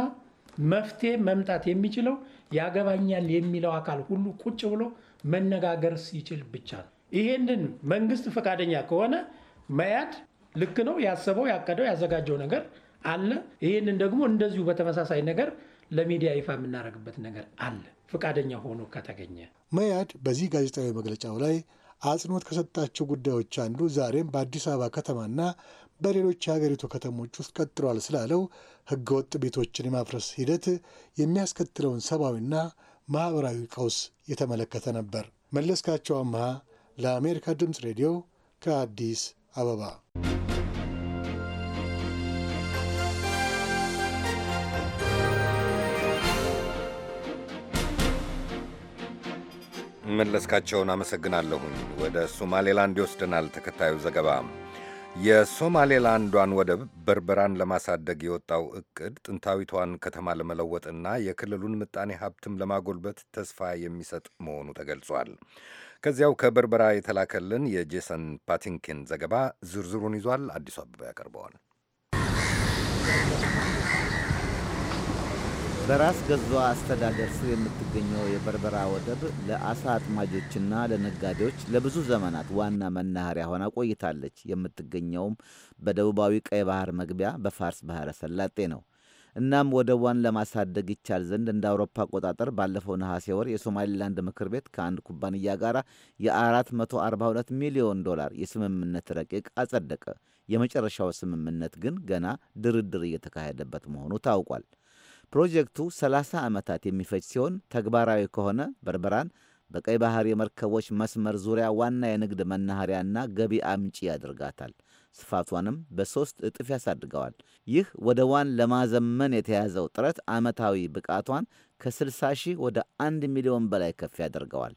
መፍትሄ መምጣት የሚችለው ያገባኛል የሚለው አካል ሁሉ ቁጭ ብሎ መነጋገር ሲችል ብቻ ነው። ይሄንን መንግስት ፈቃደኛ ከሆነ መያድ ልክ ነው። ያሰበው ያቀደው ያዘጋጀው ነገር አለ። ይህንን ደግሞ እንደዚሁ በተመሳሳይ ነገር ለሚዲያ ይፋ የምናደርግበት ነገር አለ፣ ፈቃደኛ ሆኖ ከተገኘ። መያድ በዚህ ጋዜጣዊ መግለጫው ላይ አጽንኦት ከሰጣቸው ጉዳዮች አንዱ ዛሬም በአዲስ አበባ ከተማና በሌሎች የሀገሪቱ ከተሞች ውስጥ ቀጥሏል ስላለው ህገወጥ ቤቶችን የማፍረስ ሂደት የሚያስከትለውን ሰብአዊና ማኅበራዊ ቀውስ የተመለከተ ነበር። መለስካቸው አምሃ ለአሜሪካ ድምፅ ሬዲዮ ከአዲስ አበባ መለስካቸውን አመሰግናለሁኝ። ወደ ሶማሌላንድ ይወስደናል ተከታዩ ዘገባ። የሶማሌላንዷን ወደብ በርበራን ለማሳደግ የወጣው እቅድ ጥንታዊቷን ከተማ ለመለወጥና የክልሉን ምጣኔ ሀብትም ለማጎልበት ተስፋ የሚሰጥ መሆኑ ተገልጿል። ከዚያው ከበርበራ የተላከልን የጄሰን ፓቲንኪን ዘገባ ዝርዝሩን ይዟል። አዲሱ አበባ ያቀርበዋል። በራስ ገዟ አስተዳደር ስር የምትገኘው የበርበራ ወደብ ለአሳ አጥማጆችና ለነጋዴዎች ለብዙ ዘመናት ዋና መናኸሪያ ሆና ቆይታለች። የምትገኘውም በደቡባዊ ቀይ ባህር መግቢያ በፋርስ ባህረ ሰላጤ ነው። እናም ወደቧን ለማሳደግ ይቻል ዘንድ እንደ አውሮፓ አቆጣጠር ባለፈው ነሐሴ ወር የሶማሊላንድ ምክር ቤት ከአንድ ኩባንያ ጋር የ442 ሚሊዮን ዶላር የስምምነት ረቂቅ አጸደቀ። የመጨረሻው ስምምነት ግን ገና ድርድር እየተካሄደበት መሆኑ ታውቋል። ፕሮጀክቱ 30 ዓመታት የሚፈጅ ሲሆን ተግባራዊ ከሆነ በርበራን በቀይ ባህር የመርከቦች መስመር ዙሪያ ዋና የንግድ መናኸሪያና ገቢ አምጪ ያደርጋታል። ስፋቷንም በሦስት እጥፍ ያሳድገዋል። ይህ ወደቧን ለማዘመን የተያዘው ጥረት ዓመታዊ ብቃቷን ከ60 ሺህ ወደ 1 ሚሊዮን በላይ ከፍ ያደርገዋል።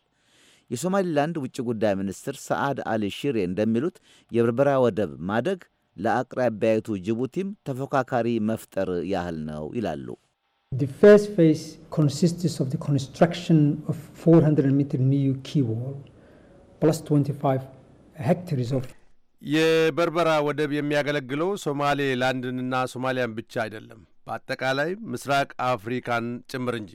የሶማሊላንድ ውጭ ጉዳይ ሚኒስትር ሰዓድ አሊ ሺሬ እንደሚሉት የበርበራ ወደብ ማደግ ለአቅራቢያዊቱ ጅቡቲም ተፎካካሪ መፍጠር ያህል ነው ይላሉ። የበርበራ ወደብ የሚያገለግለው ሶማሌ ላንድንና ሶማሊያን ብቻ አይደለም፣ በአጠቃላይ ምስራቅ አፍሪካን ጭምር እንጂ።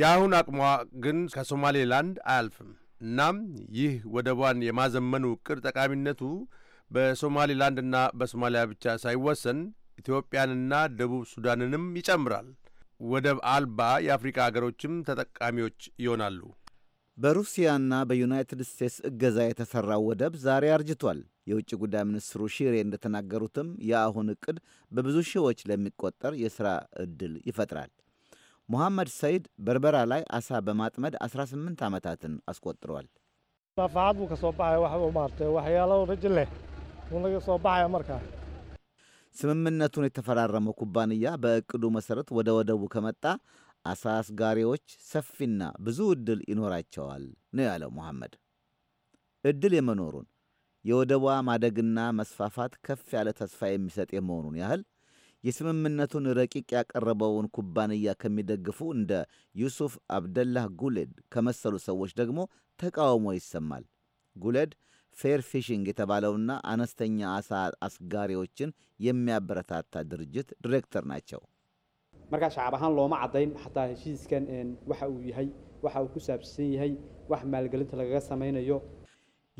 የአሁን አቅሟ ግን ከሶማሌ ላንድ አያልፍም። እናም ይህ ወደቧን የማዘመኑ ዕቅድ ጠቃሚነቱ በሶማሌ ላንድና በሶማሊያ ብቻ ሳይወሰን ኢትዮጵያንና ደቡብ ሱዳንንም ይጨምራል። ወደብ አልባ የአፍሪካ አገሮችም ተጠቃሚዎች ይሆናሉ። በሩሲያና በዩናይትድ ስቴትስ እገዛ የተሠራው ወደብ ዛሬ አርጅቷል። የውጭ ጉዳይ ሚኒስትሩ ሺሬ እንደተናገሩትም የአሁን ዕቅድ በብዙ ሺዎች ለሚቆጠር የሥራ ዕድል ይፈጥራል። ሙሐመድ ሰይድ በርበራ ላይ አሳ በማጥመድ 18 ዓመታትን አስቆጥሯል። ስምምነቱን የተፈራረመው ኩባንያ በእቅዱ መሠረት ወደ ወደቡ ከመጣ አሳ አስጋሪዎች ሰፊና ብዙ ዕድል ይኖራቸዋል ነው ያለው መሐመድ። ዕድል የመኖሩን የወደቧ ማደግና መስፋፋት ከፍ ያለ ተስፋ የሚሰጥ የመሆኑን ያህል የስምምነቱን ረቂቅ ያቀረበውን ኩባንያ ከሚደግፉ እንደ ዩሱፍ አብደላህ ጉሌድ ከመሰሉ ሰዎች ደግሞ ተቃውሞ ይሰማል። ጉሌድ ፌር ፊሽንግ የተባለውና አነስተኛ አሳ አስጋሪዎችን የሚያበረታታ ድርጅት ዲሬክተር ናቸው። marka shacab ahaan looma caddayn xataa heshiiskan waxa uu yahay waxa uu ku saabsan yahay wax maalgelinta lagaga samaynayo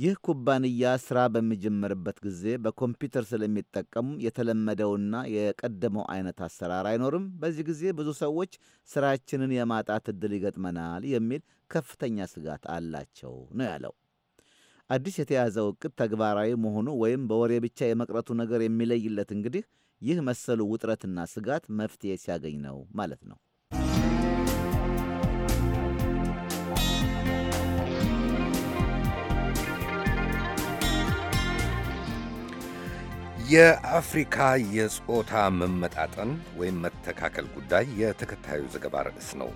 ይህ ኩባንያ ሥራ በሚጀመርበት ጊዜ በኮምፒውተር ስለሚጠቀሙ የተለመደውና የቀደመው አይነት አሰራር አይኖርም። በዚህ ጊዜ ብዙ ሰዎች ሥራችንን የማጣት ዕድል ይገጥመናል የሚል ከፍተኛ ስጋት አላቸው ነው ያለው። አዲስ የተያዘው ዕቅድ ተግባራዊ መሆኑ ወይም በወሬ ብቻ የመቅረቱ ነገር የሚለይለት እንግዲህ ይህ መሰሉ ውጥረትና ስጋት መፍትሄ ሲያገኝ ነው ማለት ነው። የአፍሪካ የጾታ መመጣጠን ወይም መተካከል ጉዳይ የተከታዩ ዘገባ ርዕስ ነው።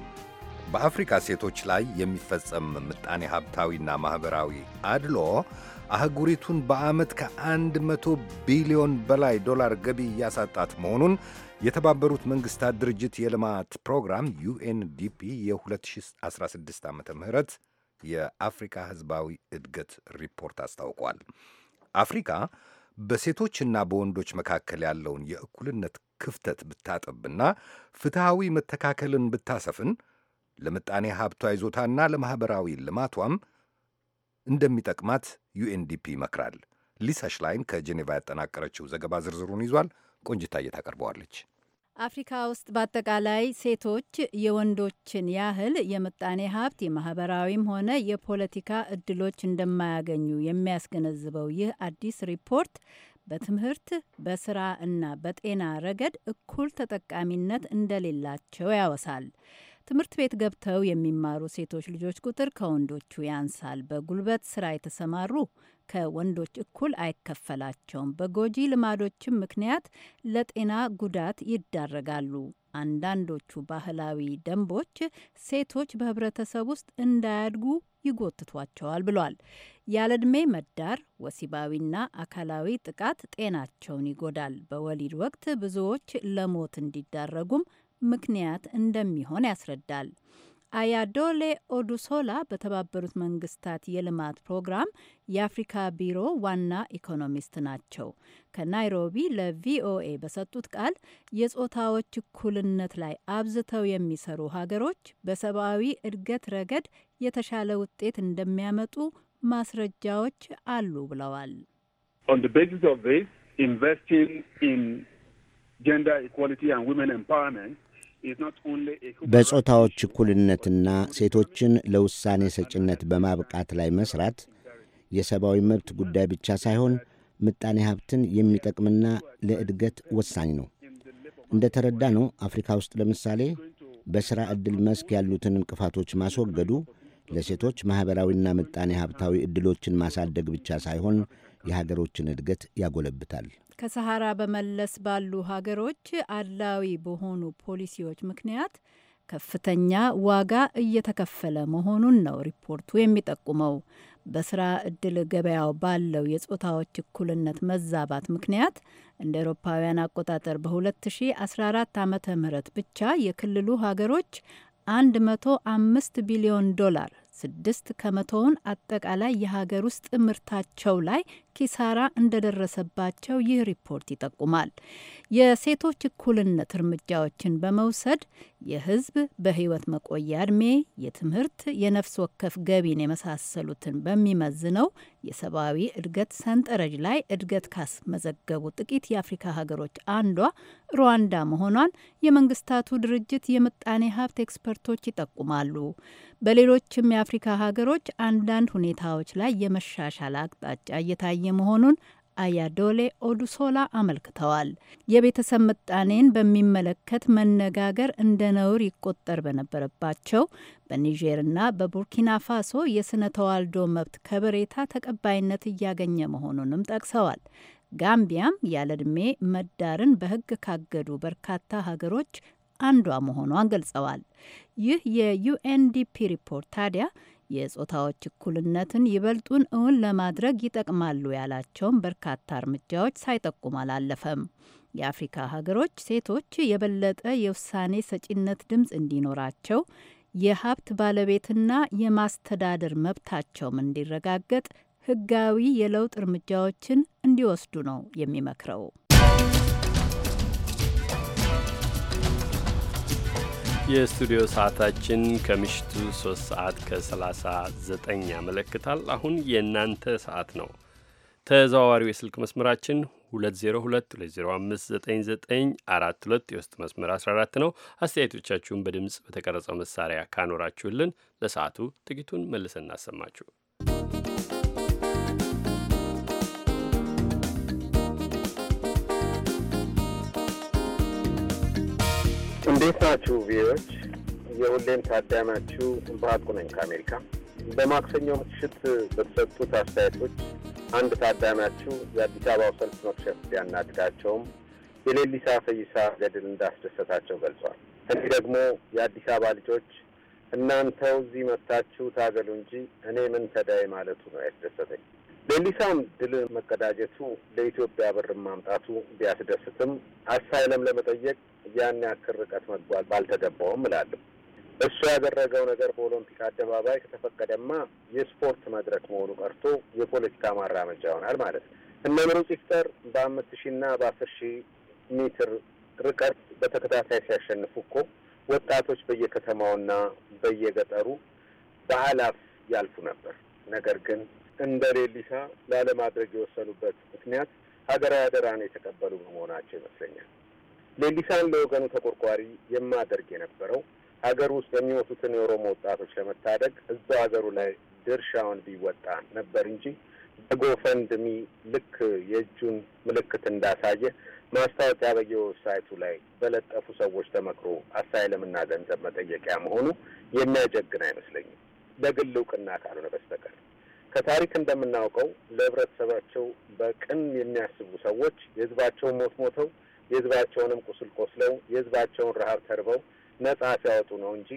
በአፍሪካ ሴቶች ላይ የሚፈጸም ምጣኔ ሀብታዊና ማኅበራዊ አድሎ አህጉሪቱን በዓመት ከአንድ 100 ቢሊዮን በላይ ዶላር ገቢ እያሳጣት መሆኑን የተባበሩት መንግሥታት ድርጅት የልማት ፕሮግራም ዩኤንዲፒ የ2016 ዓ ም የአፍሪካ ሕዝባዊ እድገት ሪፖርት አስታውቋል። አፍሪካ በሴቶችና በወንዶች መካከል ያለውን የእኩልነት ክፍተት ብታጠብና ፍትሐዊ መተካከልን ብታሰፍን ለምጣኔ ሀብቷ ይዞታና ለማኅበራዊ ልማቷም እንደሚጠቅማት ዩኤንዲፒ ይመክራል። ሊሳ ሽላይን ከጄኔቫ ያጠናቀረችው ዘገባ ዝርዝሩን ይዟል። ቆንጅታ እየታቀርበዋለች። አፍሪካ ውስጥ በአጠቃላይ ሴቶች የወንዶችን ያህል የምጣኔ ሀብት የማህበራዊም ሆነ የፖለቲካ እድሎች እንደማያገኙ የሚያስገነዝበው ይህ አዲስ ሪፖርት በትምህርት በስራ እና በጤና ረገድ እኩል ተጠቃሚነት እንደሌላቸው ያወሳል። ትምህርት ቤት ገብተው የሚማሩ ሴቶች ልጆች ቁጥር ከወንዶቹ ያንሳል። በጉልበት ስራ የተሰማሩ ከወንዶች እኩል አይከፈላቸውም። በጎጂ ልማዶችም ምክንያት ለጤና ጉዳት ይዳረጋሉ። አንዳንዶቹ ባህላዊ ደንቦች ሴቶች በህብረተሰብ ውስጥ እንዳያድጉ ይጎትቷቸዋል ብሏል። ያለዕድሜ መዳር፣ ወሲባዊና አካላዊ ጥቃት ጤናቸውን ይጎዳል። በወሊድ ወቅት ብዙዎች ለሞት እንዲዳረጉም ምክንያት እንደሚሆን ያስረዳል። አያዶሌ ኦዱሶላ በተባበሩት መንግስታት የልማት ፕሮግራም የአፍሪካ ቢሮ ዋና ኢኮኖሚስት ናቸው። ከናይሮቢ ለቪኦኤ በሰጡት ቃል የጾታዎች እኩልነት ላይ አብዝተው የሚሰሩ ሀገሮች በሰብአዊ እድገት ረገድ የተሻለ ውጤት እንደሚያመጡ ማስረጃዎች አሉ ብለዋል። ኢንቨስቲንግ ኢን ጀንደር ኢኳሊቲ ኤንድ ዊመን ኤምፓወርመንት በጾታዎች እኩልነትና ሴቶችን ለውሳኔ ሰጭነት በማብቃት ላይ መስራት የሰብአዊ መብት ጉዳይ ብቻ ሳይሆን ምጣኔ ሀብትን የሚጠቅምና ለእድገት ወሳኝ ነው። እንደ ተረዳ ነው አፍሪካ ውስጥ ለምሳሌ በሥራ ዕድል መስክ ያሉትን እንቅፋቶች ማስወገዱ ለሴቶች ማኅበራዊና ምጣኔ ሀብታዊ ዕድሎችን ማሳደግ ብቻ ሳይሆን የሀገሮችን እድገት ያጎለብታል። ከሰሃራ በመለስ ባሉ ሀገሮች አድላዊ በሆኑ ፖሊሲዎች ምክንያት ከፍተኛ ዋጋ እየተከፈለ መሆኑን ነው ሪፖርቱ የሚጠቁመው። በስራ እድል ገበያው ባለው የጾታዎች እኩልነት መዛባት ምክንያት እንደ ኤሮፓውያን አቆጣጠር በ2014 ዓ ም ብቻ የክልሉ ሀገሮች 105 ቢሊዮን ዶላር ስድስት ከመቶውን አጠቃላይ የሀገር ውስጥ ምርታቸው ላይ ኪሳራ እንደደረሰባቸው ይህ ሪፖርት ይጠቁማል። የሴቶች እኩልነት እርምጃዎችን በመውሰድ የህዝብ በህይወት መቆያ እድሜ፣ የትምህርት፣ የነፍስ ወከፍ ገቢን የመሳሰሉትን በሚመዝነው የሰብአዊ እድገት ሰንጠረዥ ላይ እድገት ካስመዘገቡ ጥቂት የአፍሪካ ሀገሮች አንዷ ሩዋንዳ መሆኗን የመንግስታቱ ድርጅት የምጣኔ ሀብት ኤክስፐርቶች ይጠቁማሉ። በሌሎችም የአፍሪካ ሀገሮች አንዳንድ ሁኔታዎች ላይ የመሻሻል አቅጣጫ እየታየ የተለየ መሆኑን አያዶሌ ኦዱሶላ አመልክተዋል። የቤተሰብ ምጣኔን በሚመለከት መነጋገር እንደ ነውር ይቆጠር በነበረባቸው በኒጀርና በቡርኪና ፋሶ የስነ ተዋልዶ መብት ከበሬታ ተቀባይነት እያገኘ መሆኑንም ጠቅሰዋል። ጋምቢያም ያለዕድሜ መዳርን በሕግ ካገዱ በርካታ ሀገሮች አንዷ መሆኗን ገልጸዋል። ይህ የዩኤንዲፒ ሪፖርት ታዲያ የጾታዎች እኩልነትን ይበልጡን እውን ለማድረግ ይጠቅማሉ ያላቸውን በርካታ እርምጃዎች ሳይጠቁም አላለፈም። የአፍሪካ ሀገሮች ሴቶች የበለጠ የውሳኔ ሰጪነት ድምፅ እንዲኖራቸው የሀብት ባለቤትና የማስተዳደር መብታቸውም እንዲረጋገጥ ህጋዊ የለውጥ እርምጃዎችን እንዲወስዱ ነው የሚመክረው። የስቱዲዮ ሰዓታችን ከምሽቱ 3 ሰዓት ከ39 ያመለክታል። አሁን የእናንተ ሰዓት ነው። ተዘዋዋሪው የስልክ መስመራችን 2022059942 የውስጥ መስመር 14 ነው። አስተያየቶቻችሁን በድምፅ በተቀረጸው መሳሪያ ካኖራችሁልን ለሰዓቱ ጥቂቱን መልሰን እናሰማችሁ። እንዴት ናችሁ ቪዎች? የሁሌም ታዳሚያችሁ በሀቁ ነኝ ከአሜሪካ። በማክሰኛው ምሽት በተሰጡት አስተያየቶች አንድ ታዳሚያችሁ የአዲስ አበባው ሰልፍ መክሸፍ ቢያናድጋቸውም የሌሊሳ ፈይሳ ገድል እንዳስደሰታቸው ገልጿል። እኔ ደግሞ የአዲስ አበባ ልጆች እናንተው እዚህ መጥታችሁ ታገሉ እንጂ እኔ ምን ተዳይ ማለቱ ነው ያስደሰተኝ። ሌሊሳን ድል መቀዳጀቱ ለኢትዮጵያ ብር ማምጣቱ ቢያስደስትም አሳይለም ለመጠየቅ ያን ያክል ርቀት መጓዝ ባልተገባውም እላለሁ። እሱ ያደረገው ነገር በኦሎምፒክ አደባባይ ከተፈቀደማ የስፖርት መድረክ መሆኑ ቀርቶ የፖለቲካ ማራመጃ ይሆናል ማለት ነው። እነ ምሩጽ ይፍጠር በአምስት ሺና በአስር ሺህ ሜትር ርቀት በተከታታይ ሲያሸንፉ እኮ ወጣቶች በየከተማውና በየገጠሩ በአላፍ ያልፉ ነበር። ነገር ግን እንደ ሌሊሳ ላለማድረግ የወሰኑበት ምክንያት ሀገራዊ አደራን የተቀበሉ በመሆናቸው ይመስለኛል። ሌሊሳን ለወገኑ ተቆርቋሪ የማደርግ የነበረው ሀገር ውስጥ የሚሞቱትን የኦሮሞ ወጣቶች ለመታደግ እዛው ሀገሩ ላይ ድርሻውን ቢወጣ ነበር እንጂ በጎፈንድሚ ልክ የእጁን ምልክት እንዳሳየ ማስታወቂያ በየዌብሳይቱ ላይ በለጠፉ ሰዎች ተመክሮ አሳይለምና ገንዘብ መጠየቂያ መሆኑ የሚያጀግን አይመስለኝም፣ ለግል እውቅና ካልሆነ በስተቀር። ከታሪክ እንደምናውቀው ለህብረተሰባቸው በቅን የሚያስቡ ሰዎች የህዝባቸውን ሞት ሞተው የህዝባቸውንም ቁስል ቆስለው የህዝባቸውን ረሀብ ተርበው ነጻ ሲያወጡ ነው እንጂ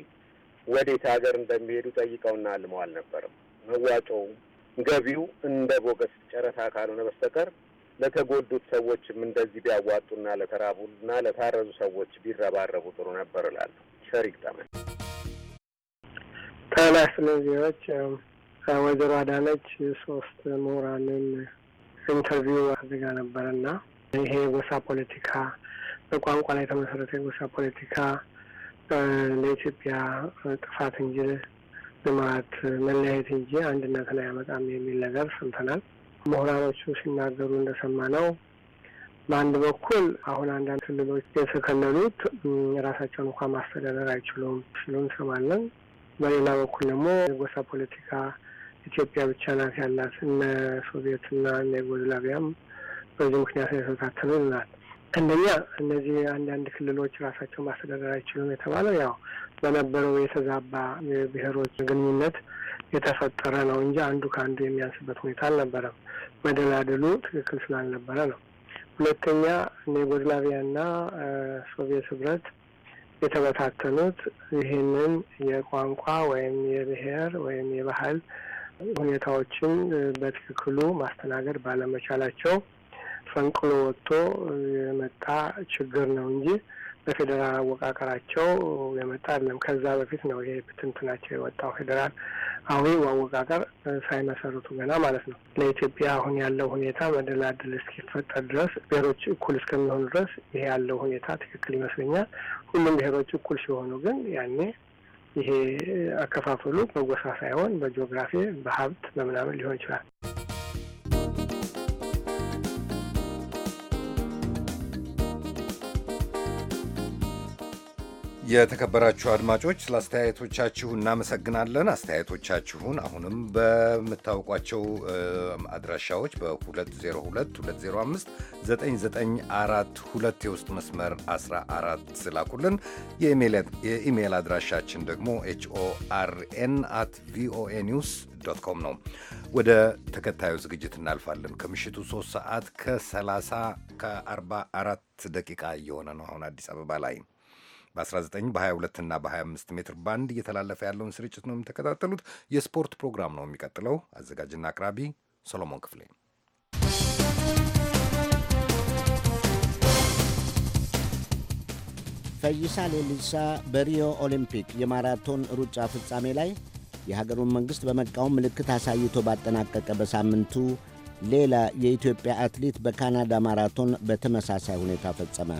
ወዴት ሀገር እንደሚሄዱ ጠይቀውና አልመው አልነበረም። መዋጮው ገቢው እንደ ቦገስ ጨረታ ካልሆነ በስተቀር ለተጎዱት ሰዎችም እንደዚህ ቢያዋጡና ለተራቡና ለታረዙ ሰዎች ቢረባረቡ ጥሩ ነበር እላለሁ። ሸሪክ ጠመን ዜዎች ወይዘሮ አዳነች ሶስት ምሁራንን ኢንተርቪው አድርጋ ነበርና ይሄ የጎሳ ፖለቲካ በቋንቋ ላይ የተመሰረተ የጎሳ ፖለቲካ ለኢትዮጵያ ጥፋት እንጂ ልማት፣ መለያየት እንጂ አንድነትን አያመጣም የሚል ነገር ሰምተናል። ምሁራኖቹ ሲናገሩ እንደሰማነው በአንድ በኩል አሁን አንዳንድ ክልሎች የተከለሉት ራሳቸውን እንኳ ማስተዳደር አይችሉም ሲሉ እንሰማለን። በሌላ በኩል ደግሞ የጎሳ ፖለቲካ ኢትዮጵያ ብቻ ናት ያላት። እነ ና እነ ዩጎዝላቪያም በዚህ ምክንያት የተታተሉ ይልናል። አንደኛ እነዚህ አንዳንድ ክልሎች ራሳቸው ማስተዳደር አይችሉም የተባለው ያው በነበረው የተዛባ የብሔሮች ግንኙነት የተፈጠረ ነው እንጂ አንዱ ከአንዱ የሚያንስበት ሁኔታ አልነበረም። መደላደሉ ትክክል ስላልነበረ ነው። ሁለተኛ እነ ና ሶቪየት ህብረት የተበታተኑት ይህንን የቋንቋ ወይም የብሔር ወይም የባህል ሁኔታዎችን በትክክሉ ማስተናገድ ባለመቻላቸው ፈንቅሎ ወጥቶ የመጣ ችግር ነው እንጂ በፌዴራል አወቃቀራቸው የመጣ አይደለም። ከዛ በፊት ነው ይሄ ብትንትናቸው የወጣው ፌዴራል አሁን አወቃቀር ሳይመሰረቱ ገና ማለት ነው። ለኢትዮጵያ አሁን ያለው ሁኔታ መደላድል እስኪፈጠር ድረስ ብሔሮች እኩል እስከሚሆኑ ድረስ ይሄ ያለው ሁኔታ ትክክል ይመስለኛል። ሁሉም ብሔሮች እኩል ሲሆኑ ግን ያኔ ይሄ አከፋፈሉ በጎሳ ሳይሆን በጂኦግራፊ በሀብት በምናምን ሊሆን ይችላል። የተከበራችሁ አድማጮች ስለ አስተያየቶቻችሁ እናመሰግናለን። አስተያየቶቻችሁን አሁንም በምታውቋቸው አድራሻዎች በ 9942 የውስጥ መስመር 14 ስላኩልን። የኢሜይል አድራሻችን ደግሞ ኤችኦአርኤን አት ቪኦኤ ኒውስ ዶት ኮም ነው። ወደ ተከታዩ ዝግጅት እናልፋለን። ከምሽቱ 3 ሰዓት ከ30 ከ44 ደቂቃ እየሆነ ነው አሁን አዲስ አበባ ላይ በ19 በ22 እና በ25 ሜትር ባንድ እየተላለፈ ያለውን ስርጭት ነው የሚተከታተሉት የስፖርት ፕሮግራም ነው የሚቀጥለው። አዘጋጅና አቅራቢ ሰሎሞን ክፍሌ። ፈይሳ ሌሊሳ በሪዮ ኦሊምፒክ የማራቶን ሩጫ ፍጻሜ ላይ የሀገሩን መንግሥት በመቃወም ምልክት አሳይቶ ባጠናቀቀ በሳምንቱ ሌላ የኢትዮጵያ አትሌት በካናዳ ማራቶን በተመሳሳይ ሁኔታ ፈጸመ።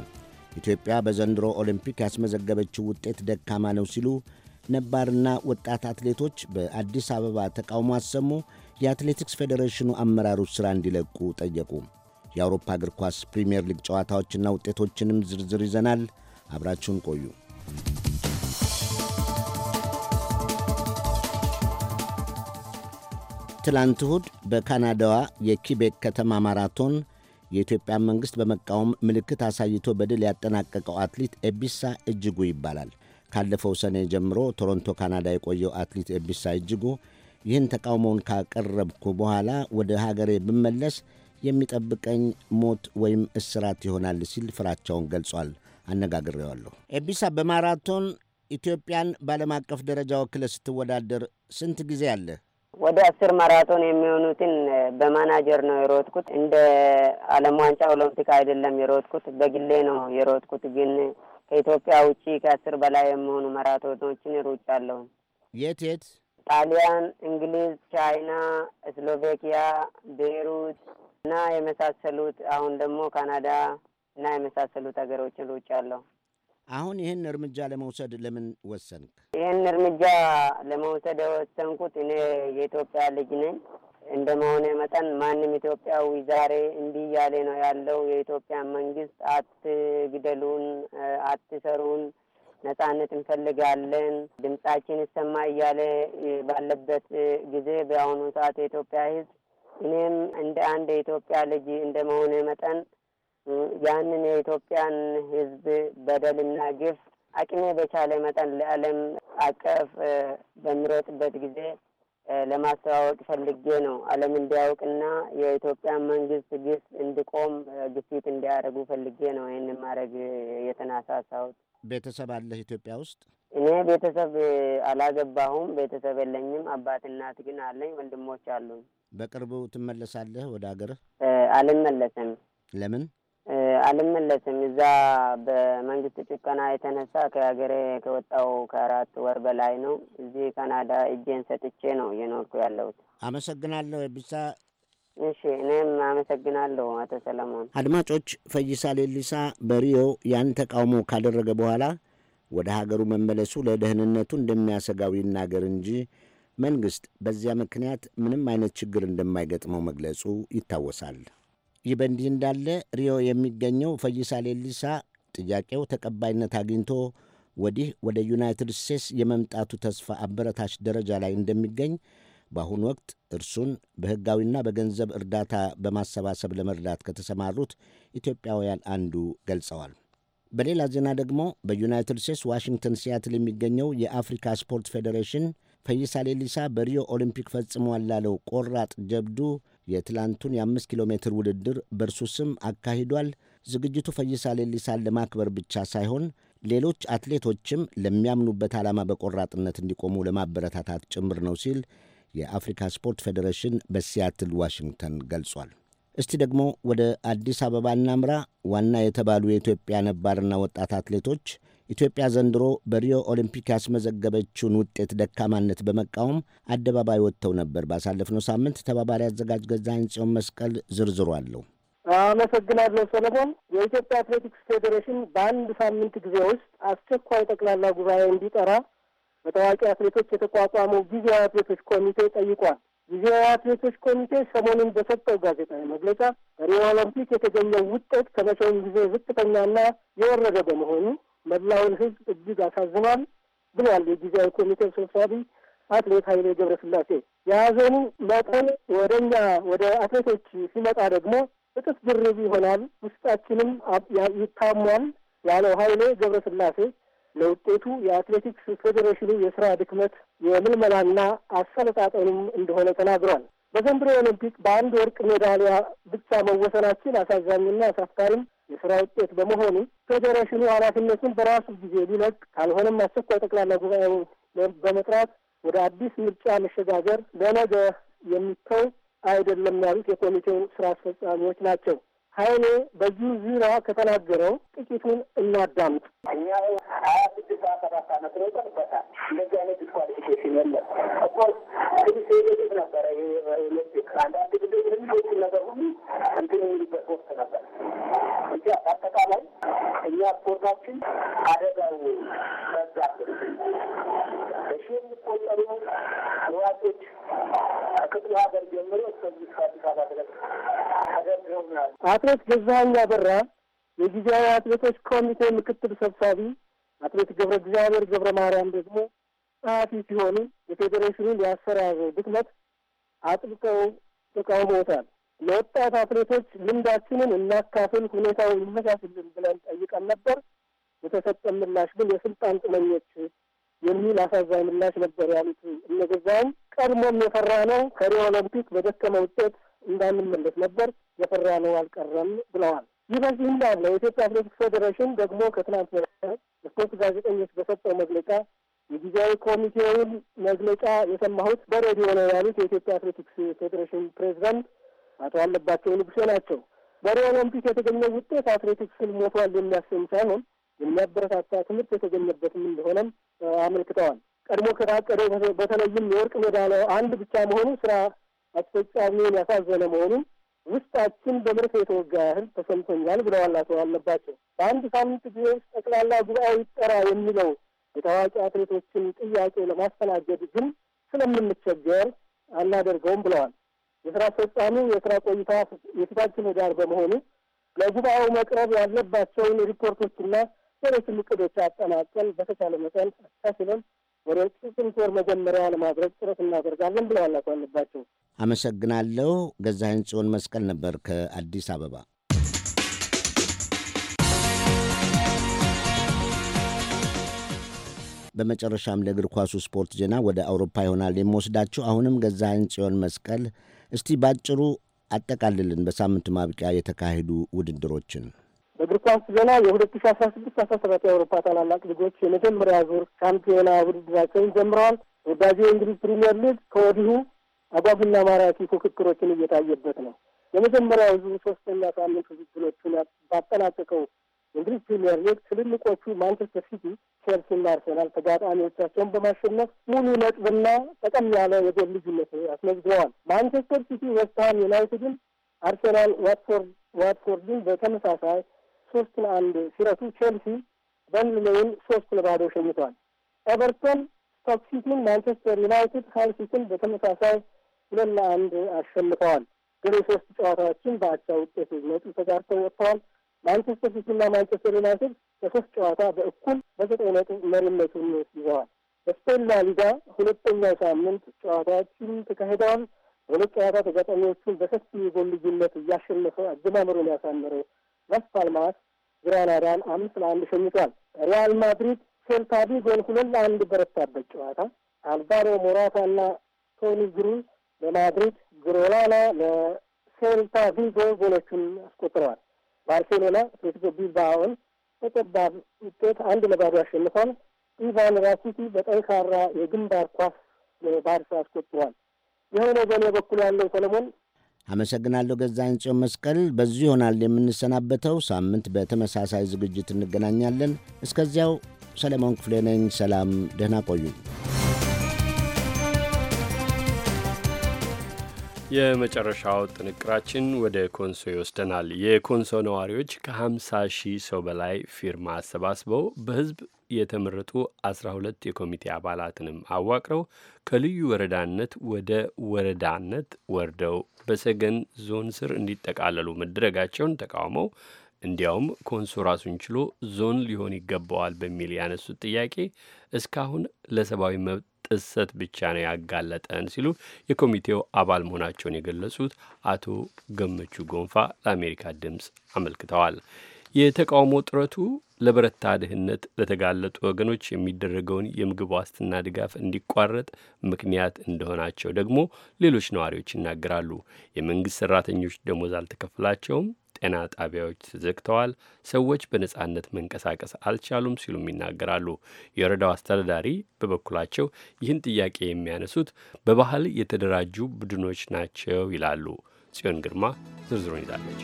ኢትዮጵያ በዘንድሮ ኦሊምፒክ ያስመዘገበችው ውጤት ደካማ ነው ሲሉ ነባርና ወጣት አትሌቶች በአዲስ አበባ ተቃውሞ አሰሙ። የአትሌቲክስ ፌዴሬሽኑ አመራሮች ሥራ እንዲለቁ ጠየቁ። የአውሮፓ እግር ኳስ ፕሪምየር ሊግ ጨዋታዎችና ውጤቶችንም ዝርዝር ይዘናል። አብራችሁን ቆዩ። ትላንት እሁድ በካናዳዋ የኪቤክ ከተማ ማራቶን የኢትዮጵያ መንግሥት በመቃወም ምልክት አሳይቶ በድል ያጠናቀቀው አትሌት ኤቢሳ እጅጉ ይባላል። ካለፈው ሰኔ ጀምሮ ቶሮንቶ ካናዳ የቆየው አትሌት ኤቢሳ እጅጉ ይህን ተቃውሞውን ካቀረብኩ በኋላ ወደ ሀገሬ ብመለስ የሚጠብቀኝ ሞት ወይም እስራት ይሆናል ሲል ፍራቻውን ገልጿል። አነጋግሬዋለሁ። ኤቢሳ በማራቶን ኢትዮጵያን በዓለም አቀፍ ደረጃ ወክለ ስትወዳደር ስንት ጊዜ አለህ? ወደ አስር ማራቶን የሚሆኑትን በማናጀር ነው የሮጥኩት። እንደ ዓለም ዋንጫ ኦሎምፒክ አይደለም የሮጥኩት፣ በግሌ ነው የሮጥኩት። ግን ከኢትዮጵያ ውጪ ከአስር በላይ የሚሆኑ ማራቶኖችን ሩጫለሁ። የት የት? ጣሊያን፣ እንግሊዝ፣ ቻይና፣ ስሎቬኪያ፣ ቤይሩት እና የመሳሰሉት አሁን ደግሞ ካናዳ እና የመሳሰሉት ሀገሮችን ሩጫለሁ። አሁን ይህን እርምጃ ለመውሰድ ለምን ወሰንክ? ይህን እርምጃ ለመውሰድ የወሰንኩት እኔ የኢትዮጵያ ልጅ ነኝ እንደ መሆነ መጠን ማንም ኢትዮጵያዊ ዛሬ እንዲህ እያለ ነው ያለው። የኢትዮጵያ መንግስት አትግደሉን፣ አትሰሩን፣ ነጻነት እንፈልጋለን፣ ድምጻችን ይሰማ እያለ ባለበት ጊዜ በአሁኑ ሰዓት የኢትዮጵያ ህዝብ እኔም እንደ አንድ የኢትዮጵያ ልጅ እንደ መሆነ መጠን ያንን የኢትዮጵያን ሕዝብ በደልና ግፍ አቅሜ በቻለ መጠን ለዓለም አቀፍ በምሮጥበት ጊዜ ለማስተዋወቅ ፈልጌ ነው። ዓለም እንዲያውቅና የኢትዮጵያ መንግስት ግፍ እንዲቆም ግፊት እንዲያደርጉ ፈልጌ ነው ይህን ማድረግ የተናሳሳሁት። ቤተሰብ አለህ ኢትዮጵያ ውስጥ? እኔ ቤተሰብ አላገባሁም። ቤተሰብ የለኝም። አባት እናት ግን አለኝ። ወንድሞች አሉኝ። በቅርቡ ትመለሳለህ ወደ አገርህ? አልመለስም። ለምን? አልመለስም። እዛ በመንግስት ጭቆና የተነሳ ከሀገሬ ከወጣው ከአራት ወር በላይ ነው። እዚህ ካናዳ እጄን ሰጥቼ ነው እየኖርኩ ያለሁት። አመሰግናለሁ ቢሳ። እሺ እኔም አመሰግናለሁ አቶ ሰለሞን። አድማጮች፣ ፈይሳ ሌሊሳ በሪዮ ያን ተቃውሞ ካደረገ በኋላ ወደ ሀገሩ መመለሱ ለደህንነቱ እንደሚያሰጋው ይናገር እንጂ መንግስት በዚያ ምክንያት ምንም አይነት ችግር እንደማይገጥመው መግለጹ ይታወሳል። ይህ በእንዲህ እንዳለ ሪዮ የሚገኘው ፈይሳ ሌሊሳ ጥያቄው ተቀባይነት አግኝቶ ወዲህ ወደ ዩናይትድ ስቴትስ የመምጣቱ ተስፋ አበረታች ደረጃ ላይ እንደሚገኝ በአሁኑ ወቅት እርሱን በሕጋዊና በገንዘብ እርዳታ በማሰባሰብ ለመርዳት ከተሰማሩት ኢትዮጵያውያን አንዱ ገልጸዋል። በሌላ ዜና ደግሞ በዩናይትድ ስቴትስ ዋሽንግተን ሲያትል የሚገኘው የአፍሪካ ስፖርት ፌዴሬሽን ፈይሳ ሌሊሳ በሪዮ ኦሊምፒክ ፈጽሟል ላለው ቆራጥ ጀብዱ የትላንቱን የአምስት ኪሎ ሜትር ውድድር በእርሱ ስም አካሂዷል። ዝግጅቱ ፈይሳ ሌሊሳን ለማክበር ብቻ ሳይሆን ሌሎች አትሌቶችም ለሚያምኑበት ዓላማ በቆራጥነት እንዲቆሙ ለማበረታታት ጭምር ነው ሲል የአፍሪካ ስፖርት ፌዴሬሽን በሲያትል ዋሽንግተን ገልጿል። እስቲ ደግሞ ወደ አዲስ አበባ እናምራ። ዋና የተባሉ የኢትዮጵያ ነባርና ወጣት አትሌቶች ኢትዮጵያ ዘንድሮ በሪዮ ኦሊምፒክ ያስመዘገበችውን ውጤት ደካማነት በመቃወም አደባባይ ወጥተው ነበር ባሳለፍነው ሳምንት። ተባባሪ አዘጋጅ ገዛኸኝ ጽዮን መስቀል ዝርዝሩ አለው። አመሰግናለሁ ሰለሞን። የኢትዮጵያ አትሌቲክስ ፌዴሬሽን በአንድ ሳምንት ጊዜ ውስጥ አስቸኳይ ጠቅላላ ጉባኤ እንዲጠራ በታዋቂ አትሌቶች የተቋቋመው ጊዜያዊ አትሌቶች ኮሚቴ ጠይቋል። ጊዜያዊ አትሌቶች ኮሚቴ ሰሞኑን በሰጠው ጋዜጣዊ መግለጫ በሪዮ ኦሎምፒክ የተገኘው ውጤት ከመቼውም ጊዜ ዝቅተኛና የወረደ በመሆኑ መላውን ህዝብ እጅግ አሳዝኗል ብሏል የጊዜያዊ ኮሚቴው ሰብሳቢ አትሌት ኃይሌ ገብረስላሴ። የሀዘኑ መጠን ወደኛ ወደ አትሌቶች ሲመጣ ደግሞ እጥፍ ድርብ ይሆናል፣ ውስጣችንም ይታሟል ያለው ኃይሌ ገብረስላሴ ለውጤቱ የአትሌቲክስ ፌዴሬሽኑ የስራ ድክመት የምልመላና አሰለጣጠኑም እንደሆነ ተናግሯል። በዘንድሮ ኦሎምፒክ በአንድ ወርቅ ሜዳሊያ ብቻ መወሰናችን አሳዛኝና አሳፋሪም የስራ ውጤት በመሆኑ ፌዴሬሽኑ ኃላፊነቱን በራሱ ጊዜ ሊለቅ ካልሆነም አስቸኳይ ጠቅላላ ጉባኤ በመጥራት ወደ አዲስ ምርጫ መሸጋገር ለነገ የሚተው አይደለም ያሉት የኮሚቴው ስራ አስፈጻሚዎች ናቸው። ኃይሌ በዚህ ዙሪያ ከተናገረው ጥቂቱን እናዳምጥ። እኛ ሀያ ስድስት ሀያ ሰባት አመት ነው እንደዚህ አይነት ዲስኳሊፊኬሽን የለም እኮ ነበረ ኤሌክትሪክ አንዳንድ ጊዜ ነገር ሁሉ እንትን የሚሉበት ወቅት ነበር እንጂ በአጠቃላይ እኛ ስፖርታችን አደጋው በዛብን በሺ የሚቆጠሩ ሯጮች ከክፍለ ሀገር ጀምሮ እስከዚህ አዲስ አበባ አትሌት ገዛኸኝ አበራ የጊዜያዊ አትሌቶች ኮሚቴ ምክትል ሰብሳቢ፣ አትሌት ገብረ እግዚአብሔር ገብረ ማርያም ደግሞ ጸሐፊ ሲሆኑ የፌዴሬሽኑን የአሰራሩ ድክመት አጥብቀው ተቃውሞታል። ለወጣት አትሌቶች ልምዳችንን እናካፍል፣ ሁኔታው ይመሳስልን ብለን ጠይቀን ነበር። የተሰጠ ምላሽ ግን የስልጣን ጥመኞች የሚል አሳዛኝ ምላሽ ነበር ያሉት እነ ገዛኸኝ። ቀድሞም የፈራ ነው ከሪዮ ኦሎምፒክ በደከመ ውጤት እንዳንመለስ ነበር የፈራ ነው አልቀረም ብለዋል። ይህ በዚህ እንዳለ የኢትዮጵያ አትሌቲክስ ፌዴሬሽን ደግሞ ከትናንት በስቲያ ስፖርት ጋዜጠኞች በሰጠው መግለጫ የጊዜያዊ ኮሚቴውን መግለጫ የሰማሁት በሬዲዮ ነው ያሉት የኢትዮጵያ አትሌቲክስ ፌዴሬሽን ፕሬዚዳንት አቶ አለባቸው ንጉሴ ናቸው። በሪዮ ኦሎምፒክ የተገኘው ውጤት አትሌቲክስን ሞቷል የሚያሰኝ ሳይሆን የሚያበረታታ ትምህርት የተገኘበትም እንደሆነም አመልክተዋል። ቀድሞ ከታቀደው በተለይም የወርቅ ሜዳሊያው አንድ ብቻ መሆኑ ስራ አስፈጻሚውን ያሳዘነ መሆኑን ውስጣችን በምርት የተወጋ ያህል ተሰምቶኛል ብለዋል አቶ አለባቸው። በአንድ ሳምንት ጊዜ ውስጥ ጠቅላላ ጉባኤ ይጠራ የሚለው የታዋቂ አትሌቶችን ጥያቄ ለማስተናገድ ግን ስለምንቸገር አናደርገውም ብለዋል። የስራ አስፈጻሚው የስራ ቆይታ የፊታችን ህዳር በመሆኑ ለጉባኤው መቅረብ ያለባቸውን ሪፖርቶችና ሌሎችም እቅዶች አጠናቀል በተቻለ መጠን አቻችለን ወደ ፍጹም ጦር መጀመሪያ ለማድረግ ጥረት እናደርጋለን ብለዋል አቶ አለባቸው። አመሰግናለሁ። ገዛኸኝ ጽዮን መስቀል ነበር ከአዲስ አበባ። በመጨረሻም ለእግር ኳሱ ስፖርት ዜና ወደ አውሮፓ ይሆናል የምወስዳችሁ። አሁንም ገዛኸኝ ጽዮን መስቀል፣ እስቲ ባጭሩ አጠቃልልን በሳምንቱ ማብቂያ የተካሄዱ ውድድሮችን በእግር ኳስ ዜና የሁለት ሺ አስራ ስድስት አስራ ሰባት የአውሮፓ ታላላቅ ሊጎች የመጀመሪያ ዙር ሻምፒዮና ውድድራቸውን ጀምረዋል። ወዳጅ የእንግሊዝ ፕሪምየር ሊግ ከወዲሁ አጓጉና ማራኪ ፉክክሮችን እየታየበት ነው። የመጀመሪያው ዙር ሶስተኛ ሳምንት ውድድሮቹን ባጠናቀቀው እንግሊዝ ፕሪምየር ሊግ ትልልቆቹ ማንቸስተር ሲቲ፣ ቼልሲና አርሰናል ተጋጣሚዎቻቸውን በማሸነፍ ሙሉ ነጥብና ጠቀም ያለ የጎል ልዩነት አስመዝግበዋል። ማንቸስተር ሲቲ ዌስትሃም ዩናይትድን፣ አርሰናል ዋትፎርድ ዋትፎርድን በተመሳሳይ ሶስት ለአንድ ሲረቱ ቼልሲ በርንሌይን ሶስት ለባዶ ሸኝቷል። ኤቨርቶን ስቶክ ሲቲን፣ ማንቸስተር ዩናይትድ ሃል ሲቲን በተመሳሳይ ሁለት ለአንድ አሸንፈዋል። ግን የሶስት ጨዋታዎችን በአቻ ውጤት ነጥብ ተጋርተው ወጥተዋል። ማንቸስተር ሲቲና ማንቸስተር ዩናይትድ በሶስት ጨዋታ በእኩል በዘጠኝ ነጥብ መሪነቱን ይዘዋል። በስፔን ሊጋ ሁለተኛው ሳምንት ጨዋታዎችን ተካሂደዋል። በሁለት ጨዋታ ተጋጣሚዎቹን በሰፊ የጎል ልዩነት እያሸነፈ አጀማመሩን ያሳመረው las ፓልማስ ግራናዳን አምስት ለአንድ ሸኝቷል። ሪያል ማድሪድ ሴልታ ቪጎን ሁለት ለአንድ በረታበት ጨዋታ አልቫሮ ሞራታ እና ቶኒ ግሩዝ ለማድሪድ ግሮላና ለሴልታ ቪጎ ጎሎቹን አስቆጥረዋል። ባርሴሎና ሴትጎ ቢልባኦን በጠባብ ውጤት አንድ ለባዶ አሸንፏል። ኢቫን ራኪቲ በጠንካራ የግንባር ኳስ ለባርሳ አስቆጥሯል። የሆነ በኔ በኩል ያለው ሰለሞን አመሰግናለሁ ገዛኸኝ ጽዮን መስቀል። በዚሁ ይሆናል የምንሰናበተው። ሳምንት በተመሳሳይ ዝግጅት እንገናኛለን። እስከዚያው ሰለሞን ክፍሌ ነኝ። ሰላም፣ ደህና ቆዩ። የመጨረሻው ጥንቅራችን ወደ ኮንሶ ይወስደናል። የኮንሶ ነዋሪዎች ከ50 ሺህ ሰው በላይ ፊርማ አሰባስበው በህዝብ የተመረጡ 12 የኮሚቴ አባላትንም አዋቅረው ከልዩ ወረዳነት ወደ ወረዳነት ወርደው በሰገን ዞን ስር እንዲጠቃለሉ መደረጋቸውን ተቃውመው እንዲያውም ኮንሶ ራሱን ችሎ ዞን ሊሆን ይገባዋል በሚል ያነሱት ጥያቄ እስካሁን ለሰብአዊ መብት ጥሰት ብቻ ነው ያጋለጠን ሲሉ የኮሚቴው አባል መሆናቸውን የገለጹት አቶ ገመቹ ጎንፋ ለአሜሪካ ድምፅ አመልክተዋል። የተቃውሞ ጥረቱ ለበረታ ድህነት ለተጋለጡ ወገኖች የሚደረገውን የምግብ ዋስትና ድጋፍ እንዲቋረጥ ምክንያት እንደሆናቸው ደግሞ ሌሎች ነዋሪዎች ይናገራሉ። የመንግስት ሠራተኞች ደሞዝ አልተከፍላቸውም፣ ጤና ጣቢያዎች ተዘግተዋል፣ ሰዎች በነጻነት መንቀሳቀስ አልቻሉም ሲሉም ይናገራሉ። የወረዳው አስተዳዳሪ በበኩላቸው ይህን ጥያቄ የሚያነሱት በባህል የተደራጁ ቡድኖች ናቸው ይላሉ። ጽዮን ግርማ ዝርዝሩን ይዛለች።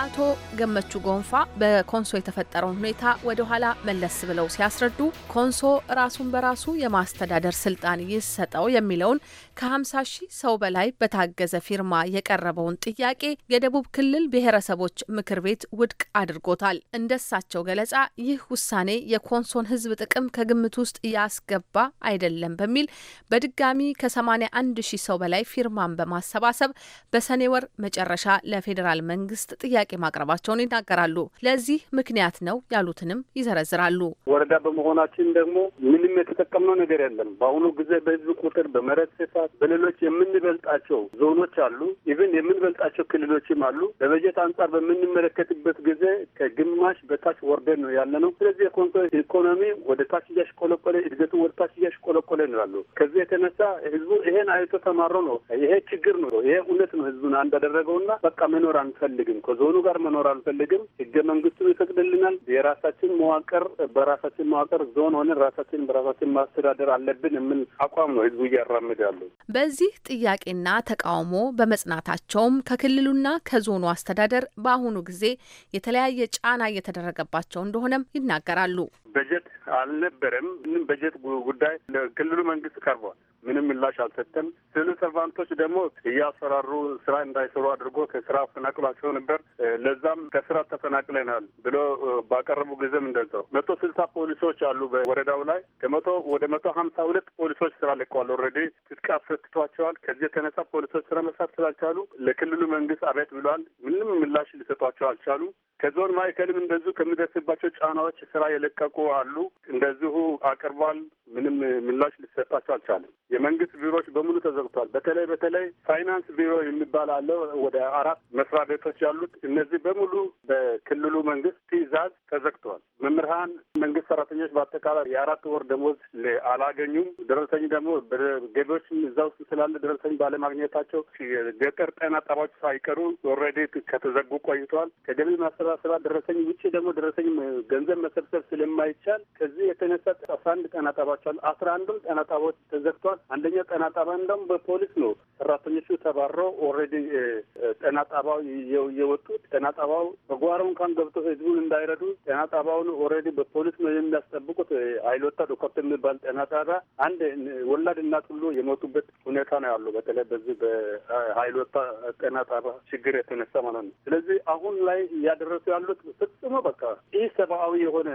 አቶ ገመቹ ጎንፋ በኮንሶ የተፈጠረውን ሁኔታ ወደ ኋላ መለስ ብለው ሲያስረዱ ኮንሶ ራሱን በራሱ የማስተዳደር ስልጣን ይሰጠው የሚለውን ከ50 ሺህ ሰው በላይ በታገዘ ፊርማ የቀረበውን ጥያቄ የደቡብ ክልል ብሔረሰቦች ምክር ቤት ውድቅ አድርጎታል። እንደሳቸው ገለጻ ይህ ውሳኔ የኮንሶን ሕዝብ ጥቅም ከግምት ውስጥ ያስገባ አይደለም በሚል በድጋሚ ከ81 ሺህ ሰው በላይ ፊርማን በማሰባሰብ በሰኔ ወር መጨረሻ ለፌዴራል መንግስት ጥያቄ ጥያቄ ማቅረባቸውን ይናገራሉ። ለዚህ ምክንያት ነው ያሉትንም ይዘረዝራሉ። ወረዳ በመሆናችን ደግሞ ምንም የተጠቀምነው ነገር የለም። በአሁኑ ጊዜ በህዝብ ቁጥር፣ በመሬት ስፋት፣ በሌሎች የምንበልጣቸው ዞኖች አሉ። ኢቭን የምንበልጣቸው ክልሎችም አሉ። በበጀት አንጻር በምንመለከትበት ጊዜ ከግማሽ በታች ወርደን ነው ያለ ነው። ስለዚህ የኮንሶ ኢኮኖሚ ወደ ታች እያሽቆለቆለ እድገቱ ወደ ታች እያሽቆለቆለ ነው ያሉ። ከዚህ የተነሳ ህዝቡ ይሄን አይቶ ተማሮ ነው ይሄ ችግር ነው ይሄ እውነት ነው ህዝቡን አንድ አንዳደረገውና በቃ መኖር አንፈልግም ከዞኑ ከወገኑ ጋር መኖር አልፈልግም። ህገ መንግስቱ ይፈቅድልናል። የራሳችን መዋቅር በራሳችን መዋቅር ዞን ሆነን ራሳችን በራሳችን ማስተዳደር አለብን የምን አቋም ነው ህዝቡ እያራምድ ያለው። በዚህ ጥያቄና ተቃውሞ በመጽናታቸውም ከክልሉና ከዞኑ አስተዳደር በአሁኑ ጊዜ የተለያየ ጫና እየተደረገባቸው እንደሆነም ይናገራሉ። በጀት አልነበረም። ምንም በጀት ጉዳይ ለክልሉ መንግስት ቀርቧል። ምንም ምላሽ አልሰጠም። ስለ ሰርቫንቶች ደግሞ እያሰራሩ ስራ እንዳይሰሩ አድርጎ ከስራ አፈናቅሏቸው ነበር። ለዛም ከስራ ተፈናቅለናል ብሎ ባቀረቡ ጊዜም እንደዛው መቶ ስልሳ ፖሊሶች አሉ በወረዳው ላይ ከመቶ ወደ መቶ ሀምሳ ሁለት ፖሊሶች ስራ ለቀዋል። ኦልሬዲ ትጥቅ አስፈትቷቸዋል። ከዚህ የተነሳ ፖሊሶች ስራ መስራት ስላልቻሉ ለክልሉ መንግስት አቤት ብሏል። ምንም ምላሽ ሊሰጧቸው አልቻሉ። ከዞን ማዕከልም እንደዚሁ ከሚደርስባቸው ጫናዎች ስራ የለቀቁ አሉ። እንደዚሁ አቅርቧል። ምንም ምላሽ ሊሰጣቸው አልቻለም። የመንግስት ቢሮዎች በሙሉ ተዘግቷል። በተለይ በተለይ ፋይናንስ ቢሮ የሚባል አለ ወደ አራት መስሪያ ቤቶች ያሉት እነዚህ በሙሉ በክልሉ መንግስት ትዕዛዝ ተዘግተዋል። መምህራን፣ መንግስት ሰራተኞች በአጠቃላይ የአራት ወር ደሞዝ አላገኙም። ደረሰኝ ደግሞ ገቢዎችም እዛ ውስጥ ስላለ ደረሰኝ ባለማግኘታቸው የገጠር ጤና ጣቢያዎች ሳይቀሩ ኦልሬዲ ከተዘጉ ቆይተዋል። ከገቢ ማሰባሰባ ደረሰኝ ውጭ ደግሞ ደረሰኝ ገንዘብ መሰብሰብ ስለማይቻል በዚህ የተነሳ አስራ አንድ ጤና ጣቢያዎች አሉ። አስራ አንዱም ጤና ጣቢያዎች ተዘግቷል። አንደኛ ጤና ጣቢያ እንደውም በፖሊስ ነው ሰራተኞቹ ተባረው ኦልሬዲ ጤና ጣቢያው እየወጡ ጤና ጣቢያው በጓሮውን እንኳን ገብቶ ህዝቡን እንዳይረዱ ጤና ጣቢያውን ኦልሬዲ በፖሊስ ነው የሚያስጠብቁት። አይሎታ ዶኮርት የሚባል ጤና ጣቢያ አንድ ወላድ እናት ሁሉ የሞቱበት ሁኔታ ነው ያሉ በተለይ በዚህ በሀይሎታ ጤና ጣቢያ ችግር የተነሳ ማለት ነው። ስለዚህ አሁን ላይ እያደረሱ ያሉት ፍጽሞ በቃ ይህ ሰብአዊ የሆነ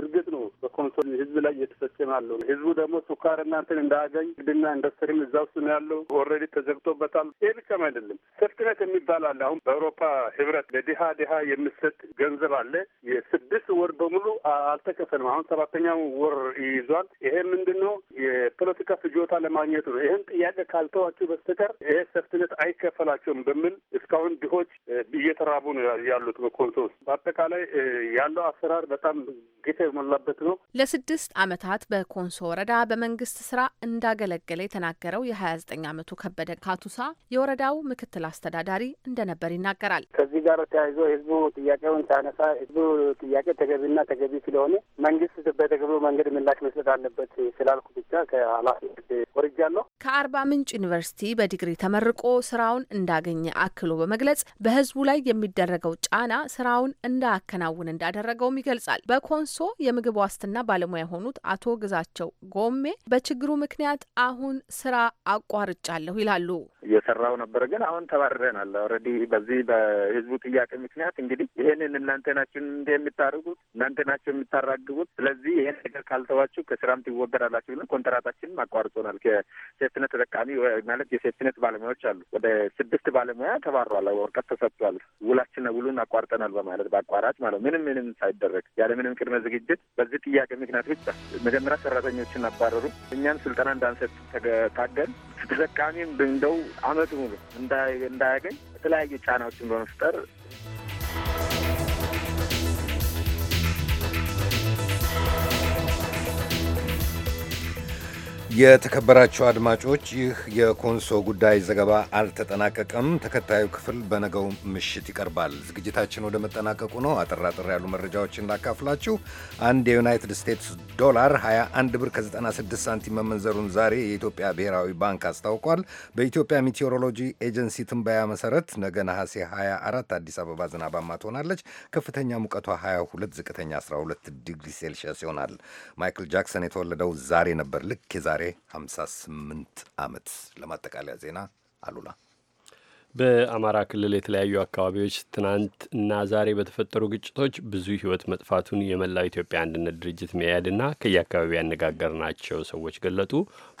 ድርጊት ነው። በኮንሶ ህዝብ ላይ እየተፈጸመ ያለው ህዝቡ ደግሞ ሱካር እናንትን እንዳያገኝ ግድና ኢንዱስትሪም እዛ ውስጥ ነው ያለው። ኦልሬዲ ተዘግቶበታል። ይህ ብቻም አይደለም። ሴፍትነት የሚባል አለ። አሁን በአውሮፓ ህብረት ለድሃ ድሃ የሚሰጥ ገንዘብ አለ። የስድስት ወር በሙሉ አልተከፈልም። አሁን ሰባተኛው ወር ይይዟል። ይሄ ምንድን ነው? የፖለቲካ ፍጆታ ለማግኘት ነው። ይህን ጥያቄ ካልተዋችሁ በስተቀር ይሄ ሴፍትነት አይከፈላቸውም በሚል እስካሁን ድሆች እየተራቡ ነው ያሉት በኮንሶ ውስጥ። በአጠቃላይ ያለው አሰራር በጣም ጌታ የሞላበት ነው። ለስድስት ዓመታት በኮንሶ ወረዳ በመንግስት ስራ እንዳገለገለ የተናገረው የ29 ዓመቱ ከበደ ካቱሳ የወረዳው ምክትል አስተዳዳሪ እንደነበር ይናገራል። ከዚህ ጋር ተያይዞ ህዝቡ ጥያቄውን ሲያነሳ ህዝቡ ጥያቄ ተገቢና ተገቢ ስለሆነ መንግስት በተገቢው መንገድ ምላሽ መስጠት አለበት ስላልኩ ብቻ ከኃላፊነት ወርጃለሁ። ከአርባ ምንጭ ዩኒቨርሲቲ በዲግሪ ተመርቆ ስራውን እንዳገኘ አክሎ በመግለጽ በህዝቡ ላይ የሚደረገው ጫና ስራውን እንዳያከናውን እንዳደረገውም ይገልጻል። በኮንሶ የምግብ ዋስትና ጥናትና ባለሙያ የሆኑት አቶ ግዛቸው ጎሜ በችግሩ ምክንያት አሁን ስራ አቋርጫለሁ ይላሉ። እየሰራው ነበር፣ ግን አሁን ተባረናል። ኦልሬዲ በዚህ በህዝቡ ጥያቄ ምክንያት እንግዲህ ይህንን እናንተ ናችሁ እንደ የምታደርጉት እናንተ ናችሁ የምታራግቡት፣ ስለዚህ ይህን ነገር ካልተዋችሁ ከስራም ትወገዳላችሁ ብለን ኮንትራታችንም አቋርጦናል። ከሴፍትነት ተጠቃሚ ማለት የሴፍትነት ባለሙያዎች አሉ ወደ ስድስት ባለሙያ ተባሯል። ወረቀት ተሰጥቷል። ውላችን ውሉን አቋርጠናል በማለት በአቋራጭ ማለት ምንም ምንም ሳይደረግ ያለ ምንም ቅድመ ዝግጅት በዚህ ጥያቄ ጥያቄ ምክንያት ብቻ መጀመሪያ ሰራተኞችን አባረሩ። እኛን ስልጠና እንዳንሰጥ ታገል። ተጠቃሚም እንደው አመት ሙሉ እንዳያገኝ የተለያዩ ጫናዎችን በመፍጠር የተከበራቸው አድማጮች ይህ የኮንሶ ጉዳይ ዘገባ አልተጠናቀቀም። ተከታዩ ክፍል በነገው ምሽት ይቀርባል። ዝግጅታችን ወደ መጠናቀቁ ነው። አጠር አጠር ያሉ መረጃዎችን ላካፍላችሁ። አንድ የዩናይትድ ስቴትስ ዶላር 21 ብር ከ96 ሳንቲም መመንዘሩን ዛሬ የኢትዮጵያ ብሔራዊ ባንክ አስታውቋል። በኢትዮጵያ ሚቴዎሮሎጂ ኤጀንሲ ትንበያ መሰረት ነገ ነሐሴ 24 አዲስ አበባ ዝናባማ ትሆናለች። ከፍተኛ ሙቀቷ 22፣ ዝቅተኛ 12 ዲግሪ ሴልሺየስ ይሆናል። ማይክል ጃክሰን የተወለደው ዛሬ ነበር ልክ የዛሬ የዛሬ 58 ዓመት። ለማጠቃለያ ዜና አሉላ በአማራ ክልል የተለያዩ አካባቢዎች ትናንትና ዛሬ በተፈጠሩ ግጭቶች ብዙ ሕይወት መጥፋቱን የመላው ኢትዮጵያ አንድነት ድርጅት መያድና ከየአካባቢው ያነጋገርናቸው ሰዎች ገለጡ።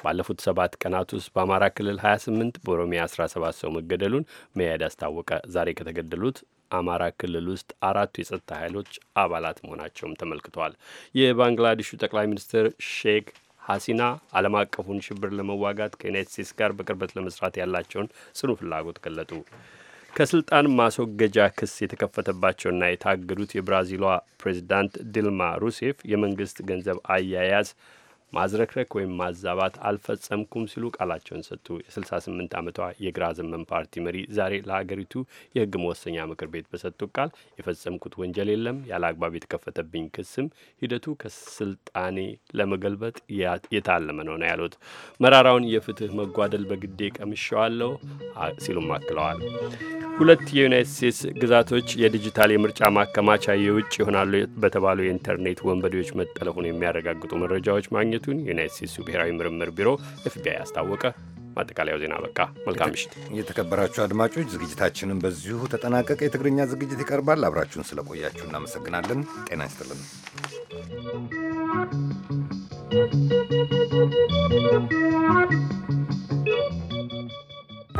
ባለፉት ሰባት ቀናት ውስጥ በአማራ ክልል 28 በኦሮሚያ 17 ሰው መገደሉን መያድ አስታወቀ። ዛሬ ከተገደሉት አማራ ክልል ውስጥ አራቱ የጸጥታ ኃይሎች አባላት መሆናቸውም ተመልክተዋል። የባንግላዴሹ ጠቅላይ ሚኒስትር ሼክ ሀሲና ዓለም አቀፉን ሽብር ለመዋጋት ከዩናይት ስቴትስ ጋር በቅርበት ለመስራት ያላቸውን ጽኑ ፍላጎት ገለጡ። ከስልጣን ማስወገጃ ክስ የተከፈተባቸውና የታገዱት የብራዚሏ ፕሬዚዳንት ዲልማ ሩሴፍ የመንግስት ገንዘብ አያያዝ ማዝረክረክ ወይም ማዛባት አልፈጸምኩም ሲሉ ቃላቸውን ሰጡ። የ68 ዓመቷ የግራ ዘመን ፓርቲ መሪ ዛሬ ለሀገሪቱ የህግ መወሰኛ ምክር ቤት በሰጡት ቃል የፈጸምኩት ወንጀል የለም፣ ያለ አግባብ የተከፈተብኝ ክስም ሂደቱ ከስልጣኔ ለመገልበጥ የታለመ ነው ነው ያሉት። መራራውን የፍትህ መጓደል በግዴ ቀምሸዋለሁ ሲሉም አክለዋል። ሁለት የዩናይት ስቴትስ ግዛቶች የዲጂታል የምርጫ ማከማቻ የውጭ ይሆናሉ በተባሉ የኢንተርኔት ወንበዴዎች መጠለፉን የሚያረጋግጡ መረጃዎች ማግኘት መዘጋጀቱን የዩናይት ስቴትሱ ብሔራዊ ምርምር ቢሮ ኤፍቢአይ አስታወቀ። ማጠቃለያው ዜና በቃ። መልካም ምሽት የተከበራችሁ አድማጮች። ዝግጅታችንን በዚሁ ተጠናቀቀ። የትግርኛ ዝግጅት ይቀርባል። አብራችሁን ስለቆያችሁ እናመሰግናለን። ጤና ይስጥልን።